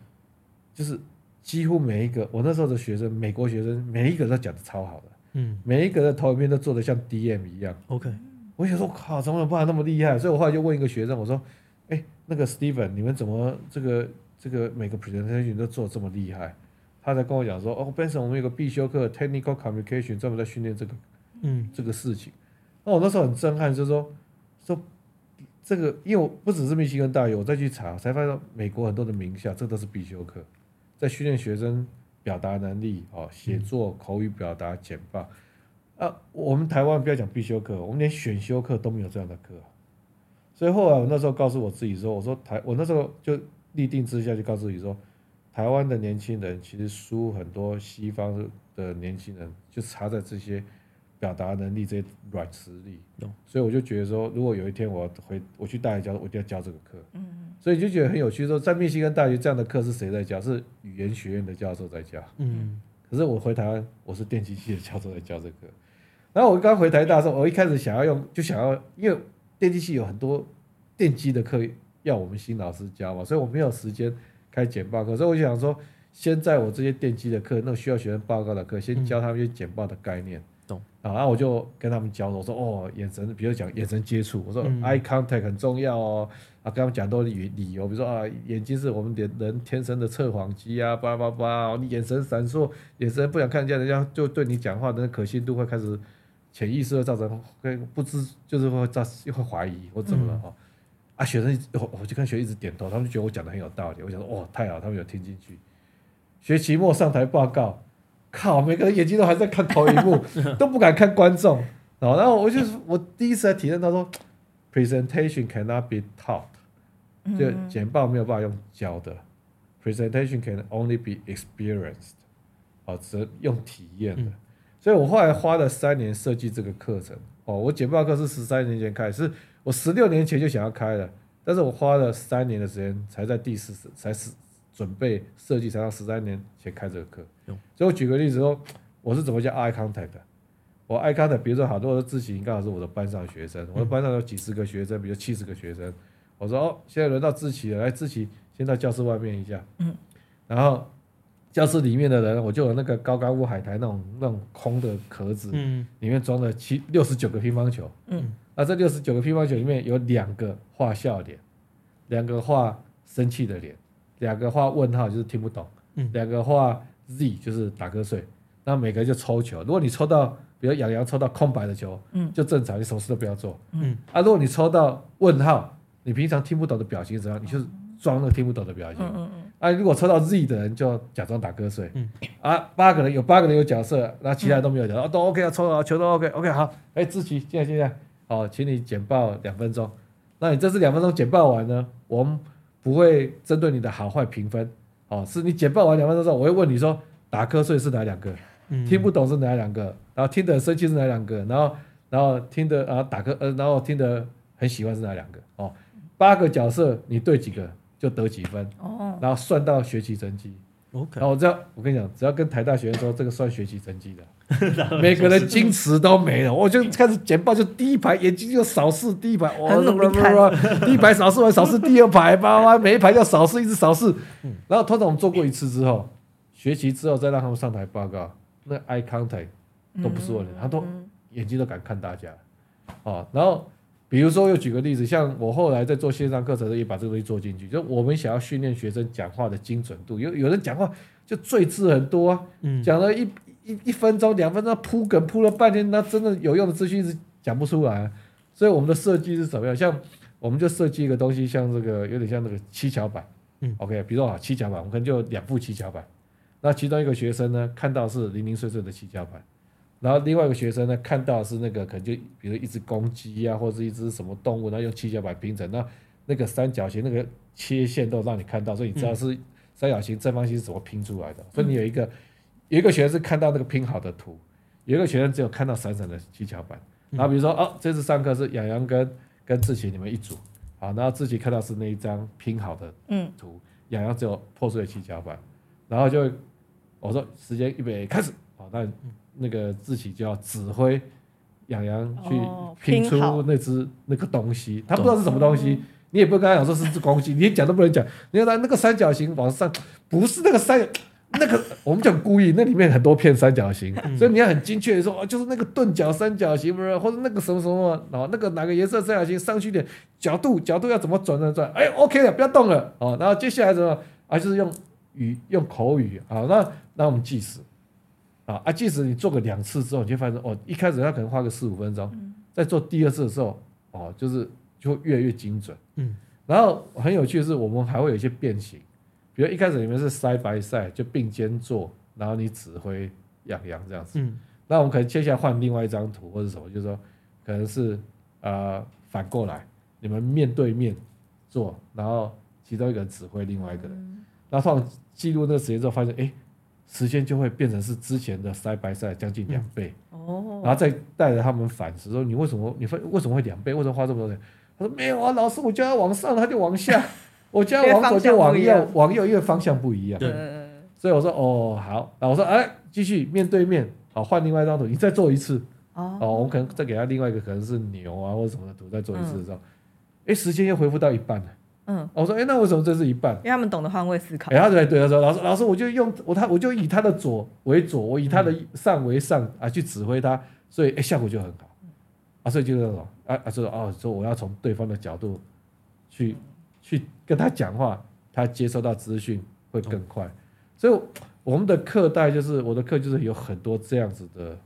就是幾乎每一個我那時候的學生，美國學生每一個都講的超好的，嗯，每一個的投影片都做的像 DM 一樣，OK。我想說，靠，怎麼你們那麼厲害？所以我後來就問一個學生，我說，哎、欸，那個 Steven，你們怎麼這個這個每個 presentation 都做的這麼厲害？他才跟我講說，哦，Benson，我們有個必修課 Technical Communication，專門在訓練這個。嗯，這個事情，那我那時候很震撼，就是說，說這個，因為我不只是密西根大學，我再去查，才發現美國很多的名校，這都是必修課，在訓練學生表達能力，哦，寫作、口語表達、簡報。嗯、啊，我們台灣不要講必修課，我們連選修課都沒有這樣的課。所以後來我那時候告訴我自己說，我說台，我那時候就立定志向，就告訴你說，台灣的年輕人其實輸很多西方的年輕人，就差在這些。表達能力這些軟實力，No. 所以我就覺得說，如果有一天我回我去大學教授，我一定要教這個課。Mm hmm. 所以就覺得很有趣說。說在密西根大學這樣的課是誰在教？是語言學院的教授在教。Mm hmm. 可是我回台灣，我是電機系的教授在教這個。然後我剛回台大的時候，我一開始想要用，就想要因為電機系有很多電機的課要我們新老師教嘛，所以我沒有時間開簡報課，所以我就想說，先在我這些電機的課，那個、需要學生報告的課，先教他們一些簡報的概念。Mm hmm. 好啊，然後我就跟他們講了，我說哦，眼神，比如講眼神接觸，我說、嗯、eye contact 很重要哦。啊，跟他們講都理理由，比如說啊，眼睛是我們人天生的測謊機啊，叭叭叭，你眼神閃爍，眼神不想看見人家，就對你講話，人的可信度會開始潛意識的造成，會不知就是會造又會懷疑我怎麼了哦。嗯、啊，學生我，我就跟學生一直點頭，他們就覺得我講的很有道理。我講說，哦，太好了，他們有聽進去。學期末上台報告。靠，每個人眼睛都還在看投影幕， 都不敢看觀眾。然後、 哦，然後我就 Yeah. 我第一次來體驗，到說，presentation cannot be taught，就簡報沒有辦法用教的。presentation can only be experienced，哦，只能用體驗的。嗯、所以我後來花了三年設計這個課程。哦，我簡報課是十三年前開，始，我十六年前就想要開了，但是我花了三年的時間才在第四次才始。準備設計，才到十三年前開這個課。所以，我舉個例子說，我是怎麼叫 eye contact 啊，我 eye contact，比如說好多的自習，剛好是我的班上的學生，我的班上有幾十個學生，比如七十個學生，我說哦、喔，現在輪到自習了，來自習，先到教室外面一下。嗯。然後教室裡面的人，我就有那個高岡屋海苔那種那種空的殼子，嗯，裡面裝了七六十九個乒乓球，嗯，那這六十九個乒乓球裡面有兩個畫笑臉，兩個畫生氣的臉。兩個畫問號，就是聽不懂，兩、嗯、個畫 Z 就是打瞌睡，那每個人就抽球。如果你抽到，比如羊羊抽到空白的球，嗯、就正常，你什麼事都不要做，嗯、啊。如果你抽到問號，你平常聽不懂的表情怎樣，你就裝那個聽不懂的表情，嗯嗯嗯啊，如果抽到 Z 的人就假裝打瞌睡，嗯、啊。八個人有八個人有角色，那其他都沒有角色，嗯啊、都 OK 啊，抽到球都 OK，OK OK, OK, 好，哎、欸，志祺，進來進來，好，請你簡報兩分鐘。那你這次兩分鐘簡報完呢，我們。不會針對你的好壞評分，哦，是你簡報完兩分鐘之後，我會問你說打瞌睡是哪兩個，嗯、聽不懂是哪兩個，然後聽得很生氣是哪兩個，然後然後聽得啊，打瞌、呃、然後聽得很喜歡是哪兩個，哦，八個角色你對幾個就得幾分，哦，然後算到學習成績。Okay. 然後我道。我跟你講，只要跟台大學生說這個算學習成績的， 就是、每個人矜持都沒了，我就開始簡報，就第一排眼睛就掃視第一排，哇，不不不，第一排掃視完，掃視 第二排吧，哇每一排要掃視，一直掃視。嗯、然後通常我們做過一次之後，嗯、學習之後再讓他們上台報告，那 eye contact 都不是問題，他都、嗯、眼睛都敢看大家，哦，然後。比如說，又舉個例子，像我後來在做線上課程的也把這個東西做進去，就我們想要訓練學生講話的精準度，有有人講話就贅字很多啊，嗯、講了一一一分鐘、兩分鐘鋪梗鋪了半天，那真的有用的資訊是講不出來、啊。所以我們的設計是怎麼樣？像我們就設計一個東西，像這個有點像那個七巧板，嗯，OK，比如說啊七巧板，我們可能就兩副七巧板。那其中一個學生呢，看到是零零碎碎的七巧板。然後另外一個學生呢，看到是那個可能就比如一隻公雞呀、啊，或者是一隻什麼動物，然後用七巧板拼成那那個三角形，那個切線都讓你看到，所以你知道是三角形、正方形是怎麼拼出來的。嗯、所以你有一個有一個學生是看到那個拼好的圖，有一個學生只有看到閃閃的七巧板。嗯、然後比如說哦，這次上課是羊羊跟跟志祺你們一組啊，然後志祺看到是那一張拼好的圖，羊羊、嗯、只有破碎的七巧板，然後就我說時間預備開始好，那。那個自己就要指揮羊羊去拼出那只那個東西，他、哦、不知道是什麼東西，嗯、你也不會跟他講說是隻公雞，你連講都不能講。你要拿那個三角形往上，不是那個三，那個我們講故意，那裡面很多片三角形，嗯、所以你要很精確的說、哦，就是那個鈍角三角形不是，或者那個什麼什麼，然後那個哪個顏色三角形上去點角度，角度要怎麼轉轉轉，哎，OK 了，不要動了，哦，然後接下來怎麼，還、啊、是用語用口語啊，那那我們計時。啊啊！即使你做個兩次之後，你就發現哦，一開始他可能花個四五分鐘，再、嗯、做第二次的時候，哦，就是就會越來越精準。嗯。然後很有趣的是，我們還會有一些變形，比如一開始你們是 side by side 就並肩坐，然後你指揮羊羊這樣子。嗯。那我們可能接下來換另外一張圖或者是什麼，就是說可能是呃反過來，你們面對面坐，然後其中一個人指揮另外一個人。嗯。那放記錄那時間之後，發現哎。誒時間就會變成是之前的 side by side 將近兩倍哦，嗯、然後再帶着他們反思說，你為什麼你為什麼會兩倍，為什麼花這麼多錢？他說沒有啊，老師，我叫他往上他就往下，呵呵，我叫他往左就往右，往右，因為方向不一樣。對，對，所以我說哦好，那我說哎繼、欸、續面對面好，換另外一張圖，你再做一次哦，我們可能再給他另外一個可能是牛啊或者什麼的圖再做一次的時候，哎、嗯欸、時間又恢復到一半了。嗯，我說，哎、欸，那為什麼這是一半？因為他們懂得換位思考。哎、欸，他對，對，他說，老師，老師，我就用我他，我就以他的左為左，我以他的上為上、嗯、啊，去指揮他，所以哎、欸，效果就很好，嗯、啊，所以就是那種，啊啊，說哦，說我要從對方的角度去、嗯、去跟他講話，他接收到資訊會更快。哦、所以我們的課代就是我的課，就是有很多這樣子的，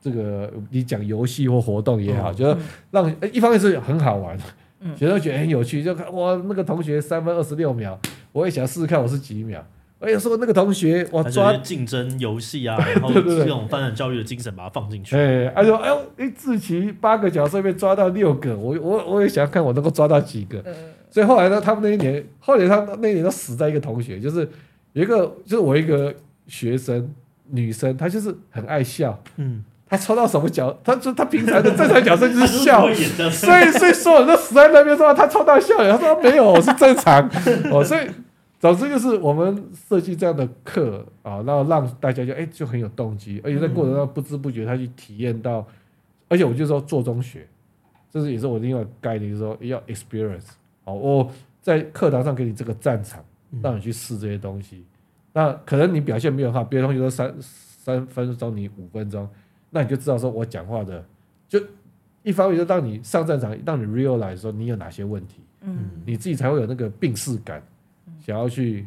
這個你講遊戲或活動也好，就是、嗯、讓、欸、一方面是很好玩。嗯、學生覺得很有趣，就看我那個同學三分二十六秒，我也想試試看我是幾秒。哎呀，說那個同學我抓競爭遊戲啊，然後 對對對對，這種發展教育的精神把它放進去、欸。哎、啊，他說哎志祺八個角色被抓到六個，我我我也想看我能夠抓到幾個。所以後來呢，他們那一年，後來他們那一年都死在一個同學，就是有一個就是我一個學生女生，她就是很愛笑，嗯。他抽到什麼角，他他平常的正常角色就是笑，所以所以說都死在那邊說他抽到笑，他說沒有，是正常。哦，所以總之就是我們設計這樣的課啊，然後讓大家就哎就很有動機，而且在過程中不知不覺他去體驗到，而且我就說做中學，這是也是我另外一個概念，就是說要 experience。哦，我在課堂上給你這個戰場，讓你去試這些東西，那可能你表現沒有的話，別的同學說三三分鐘你五分鐘。那你就知道，說我講話的，就一方面就當你上戰場，當你 realize 說你有哪些問題，嗯，你自己才會有那個病識感，想要去。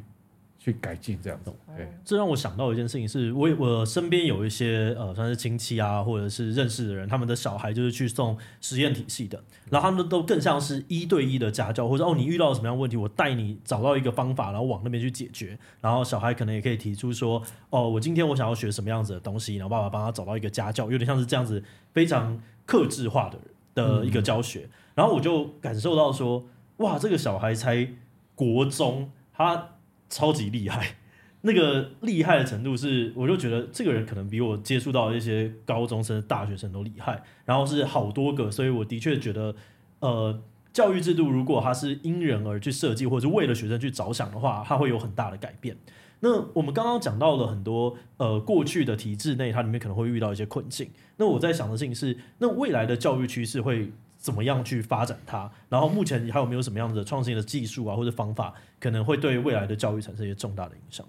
去改進這樣的、嗯、這讓我想到一件事情是，是我我身邊有一些呃，算是親戚啊，或者是認識的人，他們的小孩就是去送實驗體系的，然後他們都更像是一對一的家教，或者哦，你遇到什麼樣問題，我帶你找到一個方法，然後往那邊去解決。然後小孩可能也可以提出說，哦、呃，我今天我想要學什麼樣子的東西，然後爸爸幫他找到一個家教，有點像是這樣子，非常客製化的的一個教學。嗯、然後我就感受到說，哇，這個小孩才國中，他。超級厲害，那個厲害的程度是，我就覺得這個人可能比我接觸到一些高中生、大學生都厲害。然後是好多個，所以我的確覺得，呃，教育制度如果它是因人而去設計，或者是為了學生去着想的話，它會有很大的改變。那我們剛剛講到了很多，呃，過去的體制內它裡面可能會遇到一些困境。那我在想的事情是，那未來的教育趨勢會。怎麼樣去發展它？然後目前你還有沒有什麼樣的創新的技術啊，或者方法可能會對未來的教育產生一些重大的影響？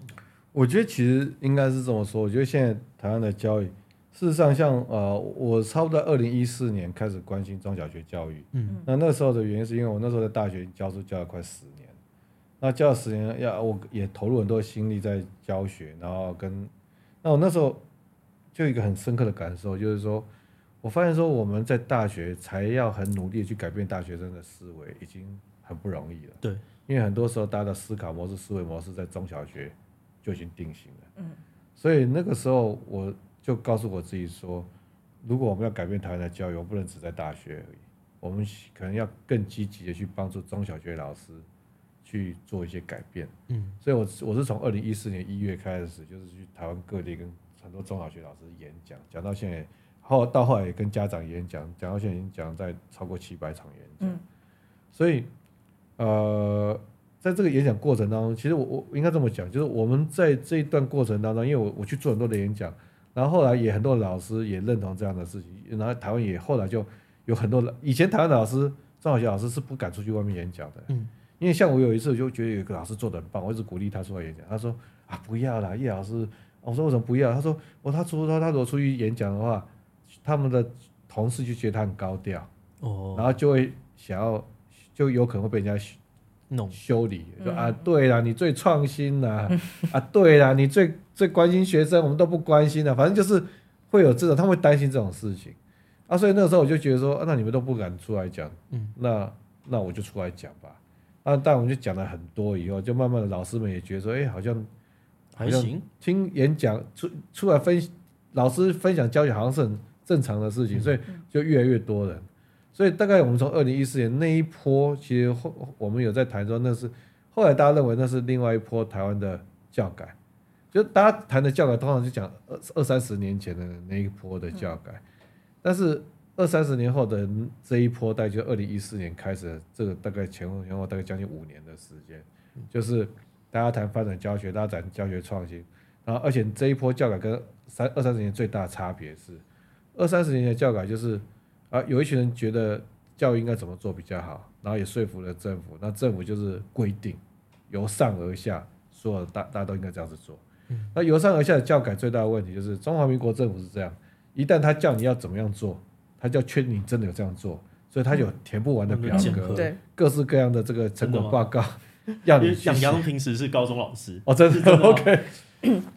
我覺得其實應該是這麼說。我覺得現在台灣的教育，事實上像，像呃，我差不多在二零一四年開始關心中小學教育。嗯，那那時候的原因是因為我那時候在大學教書教了快十年，那教了十年要我也投入很多心力在教學，然後跟那我那時候就有一個很深刻的感受，就是說。我發現說我們在大學才要很努力地去改變大學生的思維，已經很不容易了。對，因為很多時候大家的思考模式、思維模式在中小學就已經定型了。嗯，所以那個時候我就告訴我自己說，如果我們要改變台灣的教育，我不能只在大學而已，我們可能要更積極的去幫助中小學老師去做一些改變。嗯，所以，我我是從二零一四年一月開始，就是去台灣各地跟很多中小學老師演講，講到現在。後到後來也跟家長演講，講到現在已經講在超過七百場演講，嗯、所以呃，在這個演講過程當中，其實我我應該這麼講，就是我們在這一段過程當中，因為我我去做很多的演講，然後後來也很多的老師也認同這樣的事情，然後台灣也後來就有很多以前台灣的老師張小杰老師是不敢出去外面演講的，嗯，因為像我有一次就覺得有一個老師做的很棒，我一直鼓勵他說演講，他說啊不要啦葉老師，我說為什麼不要？他說我、哦、他出他他如果出去演講的話。他們的同事就覺得他很高調，哦，oh. 然後就會想要，就有可能會被人家弄修理，No. 說、嗯、啊，對啦，你最創新啦， 啊，對啦，你最最關心學生，我們都不關心啦，反正就是會有這種，他們會擔心這種事情，啊，所以那時候我就覺得說，啊、那你們都不敢出來講，嗯，那那我就出來講吧，啊，但我們就講了很多以後，就慢慢的老師們也覺得說，誒、欸，好像，好像還行，聽演講出出來分享，老師分享教學好像是很。正常的事情，所以就越來越多人。所以大概我們從二零一四年那一波，其實後我們有在談說，那是後來大家認為那是另外一波台灣的教改。就大家談的教改，通常是講二二三十年前的那一波的教改，嗯、但是二三十年後的這一波，大概就二零一四年開始，這個大概前後前後大概將近五年的時間，就是大家談發展教學，大家談教學創新。然後，而且這一波教改跟三二三十年最大差別是。二三十年的教改就是，啊，有一群人覺得教育應該怎麼做比較好，然後也說服了政府。那政府就是規定，由上而下說，所有大大家都應該這樣子做。嗯、那由上而下的教改最大的問題就是，中華民國政府是這樣，一旦他叫你要怎麼樣做，他就要確定你真的有這樣做，所以他有填不完的表格，嗯嗯嗯嗯、各式各樣的這個成果報告，要你。楊洋平時是高中老師哦，真的是真的 OK。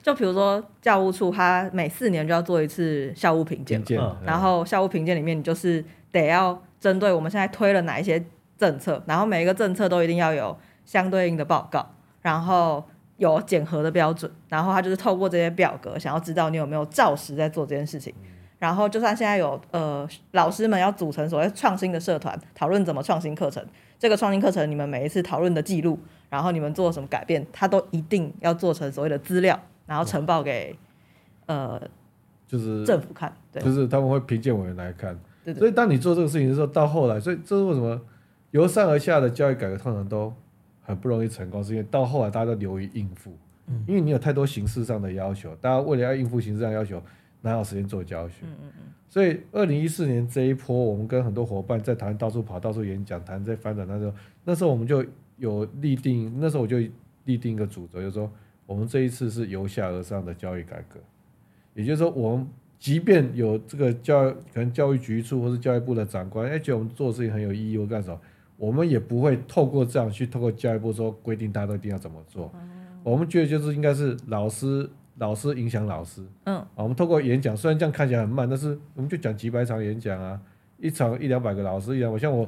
就比如說，教務處他每四年就要做一次校務評鑑，評鑑，然後校務評鑑裡面，你就是得要針對我們現在推了哪一些政策，然後每一個政策都一定要有相對應的報告，然後有檢核的標準，然後他就是透過這些表格，想要知道你有沒有照實在做這件事情。然後就算現在有呃，老師們要組成所謂創新的社團，討論怎麼創新課程，這個創新課程你們每一次討論的記錄。然後你們做什麼改變？他都一定要做成所謂的資料，然後呈報給、哦、呃，就是政府看，就是他們會評鑑委員來看。哦、所以當你做這個事情的時候，到後來，所以這是為什麼由上而下的教育改革通常都很不容易成功，是因為到後來大家都流於應付。嗯，因為你有太多形式上的要求，大家為了要應付形式上要求，哪有時間做教學？嗯，嗯，嗯。所以二零一四年這一波，我們跟很多夥伴在台灣到處跑，到處演講，台灣在翻轉那時候，那時候我們就。有立定，那時候我就立定一個準則，就是說，我們這一次是由下而上的教育改革，也就是說，我們即便有這個教育，可能教育局處或是教育部的長官，哎、欸，覺得我們做事情很有意義，或幹什麼我們也不會透過這樣去透過教育部說規定大家都一定要怎麼做。我們覺得就是應該是老師，老師影響老師，嗯，我們透過演講，雖然這樣看起來很慢，但是我們就講幾百場演講啊，一場一兩百個老師，一兩百，我像我。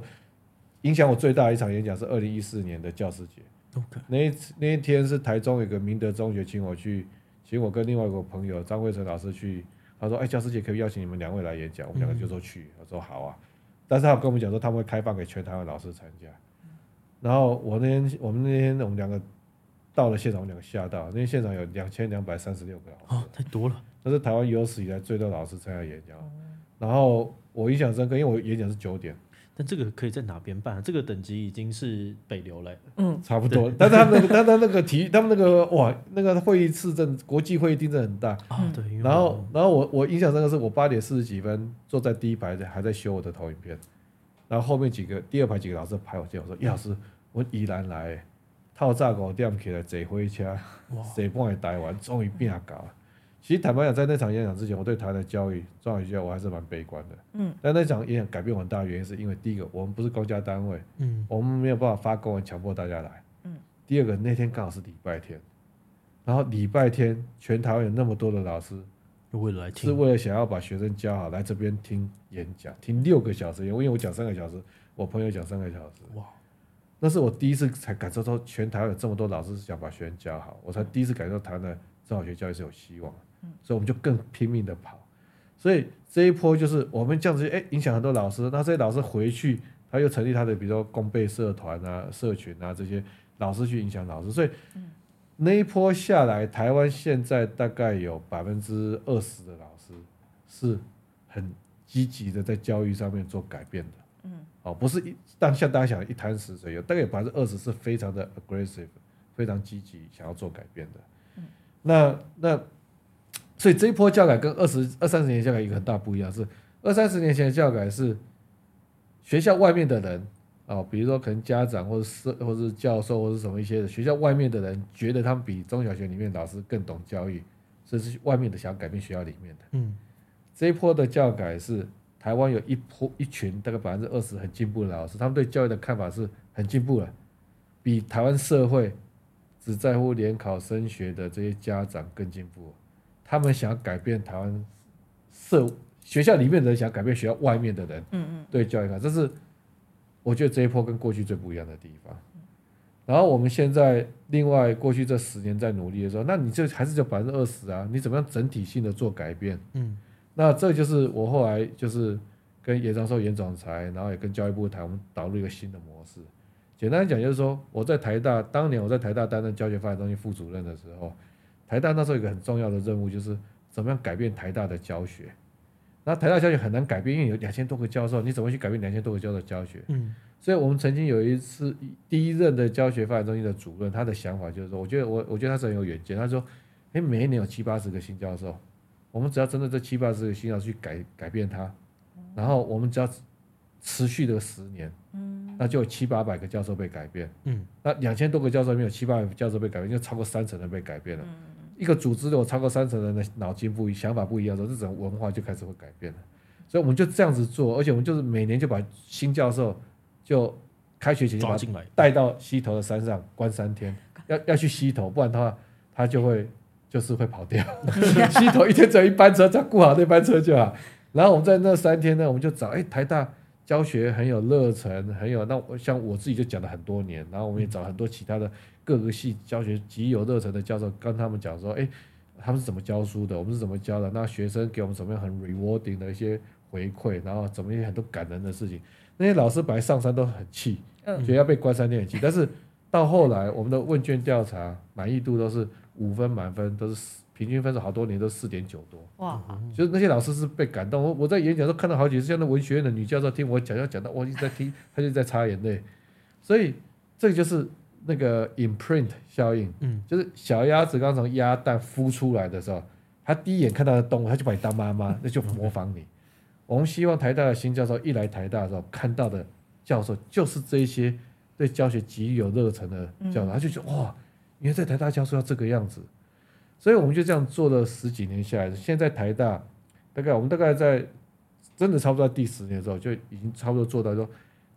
影響我最大的一場演講是二零一四年的教師節。Okay. 那一次那一天是台中有個明德中學請我去，請我跟另外一個朋友張輝誠老師去。他說：“哎、欸，教師節可以邀請你們兩位來演講。”我們兩個就說去。我、嗯、說：“好啊。”但是他跟我們講說他們會開放給全台灣老師參加。然後我那天我們那天我們兩個到了現場，我們兩個嚇到，因為現場有兩千兩百三十六個老師。哦，太多了。那是台灣有史以來最多老師參加演講。嗯、然後我印象深刻，因為我演講是九點。但這個可以在哪邊辦、啊？這個等級已經是北流了，嗯，對差不多。但他們、那個， 但但那個體，他們那個哇，那個會議室真的國際會議廳真的很大啊。對、嗯。然後，嗯、然後我我印象深刻是我八點四十幾分坐在第一排的，還在修我的投影片。然後後面幾個第二排幾個老師拍我肩，我說：“葉老師，我說宜蘭來，透早五點起來坐火車，哇坐半日台灣，終於拼了。其實坦白講，在那場演講之前，我對台灣的教育、中小學教育，我還是蠻悲觀的。嗯。但那場演講改變很大，原因是因為第一個，我們不是公家單位，嗯。我們沒有辦法發公文強迫大家來，嗯。第二個，那天剛好是禮拜天，然後禮拜天全台灣有那麼多的老師，為了來，是為了想要把學生教好，來這邊聽演講，聽六個小時，因為我講三個小時，我朋友講三個小時，哇！那是我第一次才感受到全台灣有這麼多老師想把學生教好，我才第一次感受到台灣的中小學教育是有希望。所以我們就更拼命地跑，所以這一波就是我們這樣子，哎，影響很多老師。那這些老師回去，他又成立他的，比如說共備社團啊、社群啊，這些老師去影響老師。所以，那一波下來，台灣現在大概有百分之二十的老師是很積極地在教育上面做改變的。嗯，哦，不是一，當像大家想一潭，一潭死水，有大概有百分之二十是非常的 aggressive，非常積極想要做改變的。嗯，那那。那所以這一波教改跟二十二三十年的教改有很大不一樣是，是二三十年前的教改是學校外面的人啊、哦，比如說可能家長或者是或是教授或者什麼一些的學校外面的人，覺得他們比中小學裡面老師更懂教育，所以是外面的想要改變學校裡面的。嗯，這一波的教改是台灣有一波一群大概百分之二十很進步的老師，他們對教育的看法是很進步了，比台灣社會只在乎聯考升學的這些家長更進步。他們想要改變台灣社學校裡面的人，想改變學校外面的人，嗯嗯，對教育法，這是我覺得這一波跟過去最不一樣的地方。然後我們現在另外過去這十年在努力的時候，那你就還是就百分之二十啊，你怎麼樣整體性的做改變？嗯，那這就是我後來就是跟嚴長壽、嚴總裁，然後也跟教育部談，我們導入一個新的模式。簡單講就是說，我在台大當年我在台大擔任教學發展中心副主任的時候。台大那時候有一個很重要的任務，就是怎麼樣改變台大的教學。那台大教學很難改變，因為有兩千多個教授，你怎麼去改變兩千多個教授教學？嗯，所以我們曾經有一次，第一任的教學發展中心的主任，他的想法就是說，我覺得我我覺得他是很有遠見。他說，誒、欸，每一年有七八十個新教授，我們只要針對這七八十個新教授去改改變他，然後我們只要持續的十年，嗯，那就有七八百個教授被改變，嗯，那兩千多個教授裡面有七八百個教授被改變，就超過三成的被改變了。嗯一個組織的有超過三成人的腦筋不一樣、想法不一樣的這種文化就開始會改變了。所以我們就這樣子做，而且我們就是每年就把新教授就開學前就進來，帶到溪頭的山上關三天，要要去溪頭，不然的話他就會就是會跑掉。溪 頭一天只有一班車，只顧好那班車就好。然後我們在那三天呢，我們就找誒、哎、台大教學很有熱忱，很有那我像我自己就講了很多年，然後我們也找很多其他的。各個系教學極有熱忱的教授跟他們講說，誒，他們是怎麼教書的，我們是怎麼教的？那學生給我們怎麼樣，很 rewarding 的一些回饋，然後怎麼一些很多感人的事情。那些老師本來上山都很氣，所以，嗯、要被關三天很氣，但是到後來我們的問卷調查滿意度都是五分滿分，都是平均分是好多年都四點九多。哇、嗯，就那些老師是被感動。我我在演講都看了好幾次，像那文學院的女教授聽我講，要講到我一直在聽，她就在擦眼淚。所以這個，就是。那個 imprint 效應，嗯，就是小鴨子剛從鴨蛋孵出來的時候，它第一眼看到的動物，它就把你當媽媽，那就模仿你。我們希望台大的新教授一來台大的時候看到的教授就是這些對教學極有熱忱的教授，他就覺得哇，原來在台大教授要這個樣子。所以我們就這樣做了十幾年下來，現在台大大概我們大概在真的差不多在第十年的時候，就已經差不多做到說，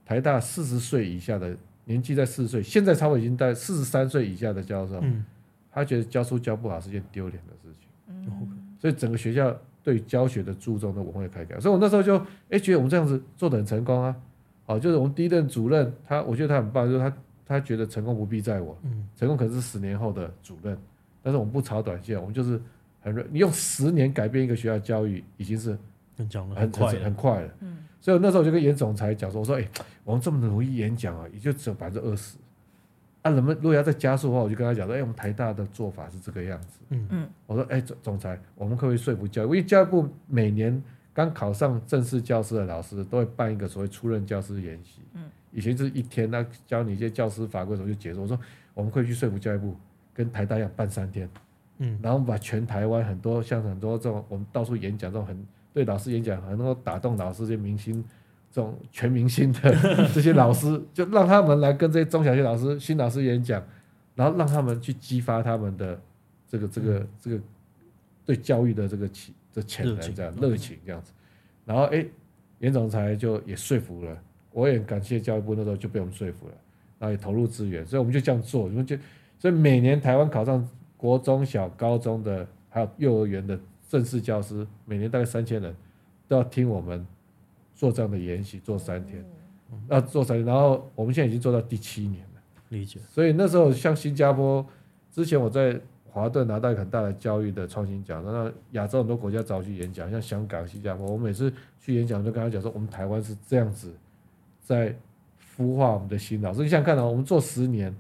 台大四十歲以下的。年紀在四十歲，現在差不多已經在四十三歲以下的教授，嗯、他覺得教書教不好是件丟臉的事情，嗯、 所以整個學校對教學的注重都往會開掉。所以，我那時候就誒、欸、覺得我們這樣子做得很成功啊！好、哦，就是我們第一任主任，他我覺得他很棒，就是他他覺得成功不必在我，嗯、成功可能是十年後的主任。但是我們不炒短線，我們就是很你用十年改變一個學校的教育，已經是很講很很快了。嗯。所以那時候我就跟嚴總裁講說，說，我說誒，我們這麼努力演講啊，也就只有百分之二十。啊，人們如果要再加速的話，我就跟他講說，誒、欸，我們台大的做法是這個樣子。嗯嗯，我說，誒、欸，總總裁，我們可不可以說服教育部？因為教育部每年剛考上正式教師的老師，都會辦一個所謂初任教師研習。嗯，以前就是一天、啊，那教你一些教師法規的時候就結束。我說，我們可，不可以去說服教育部，跟台大一樣辦三天。嗯，然後我們把全台灣很多像很多這種，我們到處演講這種很，對老師演講很能夠打動老師，這些明星，這種全明星的這些老師， 就讓他們來跟這些中小學老師、新老師演講，然後讓他們去激發他們的這個、嗯、這個、這個對教育的這個潛這潛能，這樣熱情、嗯、熱情這樣子。然後，哎、欸，嚴總裁就也說服了，我也感謝教育部那時候就被我們說服了，然後也投入資源，所以我們就這樣做，我們就所以每年台灣考上國中小高中的，還有幼兒園的。正式教師每年大概三千人，都要聽我們做這樣的研習，做三天，嗯、要做三天。然後我們現在已經做到第七年了。理解。所以那時候像新加坡，之前我在華頓拿到很大的教育的創新獎，那亞洲很多國家找我去演講，像香港、新加坡，我們每次去演講就跟他講說，我們台灣是這樣子在孵化我們的新老師。你想看啊，我們做十年，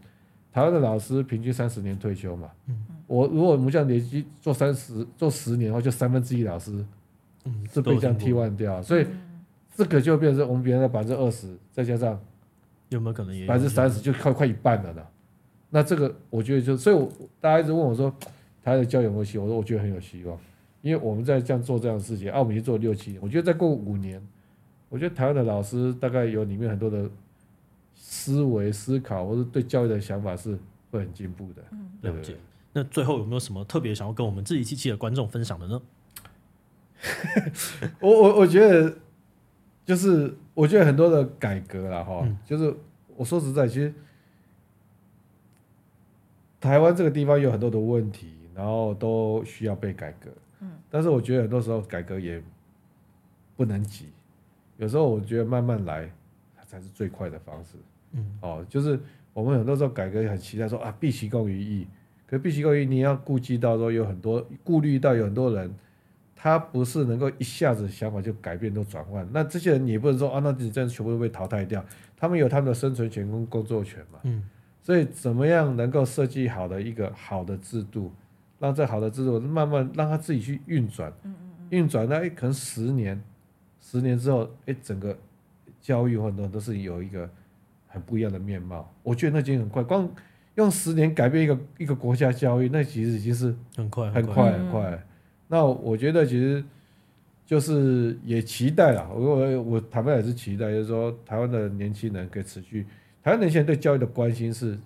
台灣的老師平均三十年退休嘛。嗯。我，如果我們這樣連續做三十做十年的話，就三分之一老師，嗯，是被這樣替換掉，所以這個就變成我們別的百分之二十，再加上有沒有可能百分之三十，就快快一半了呢？那這個我覺得就，所以我大家一直問我說台灣的教育有沒希望？我說我覺得很有希望，因為我們在這樣做這樣的事情，已、啊、經做了六七年，我覺得再過五年，我覺得台灣的老師大概有裡面很多的思維思考，或者對教育的想法是會很進步的，嗯、對不對？那最後有沒有什麼特別想要跟我們志祺七七的觀眾分享的呢？ 我我我覺得就是我覺得很多的改革了哈，就是我說實在，其實台灣這個地方有很多的問題，然後都需要被改革。嗯，但是我覺得很多時候改革也不能急，有時候我覺得慢慢來才是最快的方式。嗯，哦，就是我們很多時候改革也很期待說啊，畢其功於役。可必須夠，你要顧及到說有很多顧慮到有很多人，他不是能夠一下子想法就改變都轉換，那這些人也不能說啊，那你這樣全部都被淘汰掉，他們有他們的生存權跟工作權嘛，嗯，所以怎麼樣能夠設計好的一個好的制度，讓這好的制度慢慢讓他自己去運轉，運轉那哎可能十年，十年之後哎、欸、整個教育很多人都是有一個很不一樣的面貌，我覺得那已經很快光。用十年改變一個一個國家教育，那其實已經是很快很快很快。那我覺得其實就是也期待啊，我我坦白也是期待，就是說台灣的年輕人可以持續。台灣年輕人對教育的關心是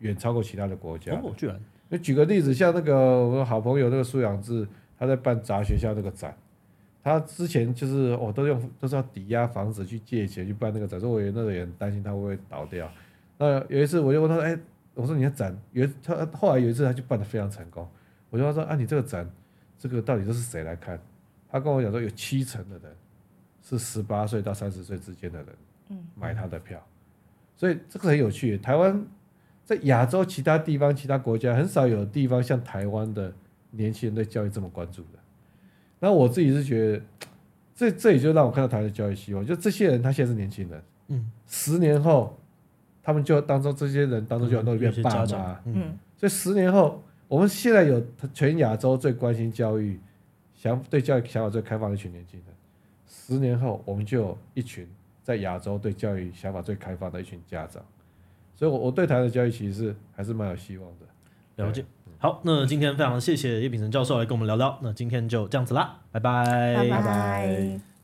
遠超過其他的國家的。哦，居然！那舉個例子，像那個我的好朋友那個蘇仰志，他在辦雜學校那個展，他之前就是哦，都是用都是要抵押房子去借錢去辦那個展，所以我也那個人擔心他會不會倒掉。那有一次我就問他，哎、欸。我說，你的展有，他後來有一次他就辦得非常成功，我就說，說，啊你這個展，這個到底都是誰來看？他跟我講說有七成的人是十八歲到三十歲之間的人，買他的票，所以這個很有趣。台灣在亞洲其他地方、其他國家很少有地方像台灣的年輕人對教育這麼關注的。那我自己是覺得，這這也就讓我看到台灣的教育希望。就這些人，他現在是年輕人，嗯，十年後。他們就當中這些人當中就很多、嗯、有那一群爸媽，嗯，所以十年後，我們現在有全亞洲最關心教育、想對教育想法最開放的一群年輕人，十年後我們就有一群在亞洲對教育想法最開放的一群家長，所以我，我我對台灣的教育其實是還是蠻有希望的。了解，哎嗯、好，那今天非常謝謝葉丙成教授來跟我們聊聊，那今天就這樣子啦，拜拜，拜拜 bye。Bye bye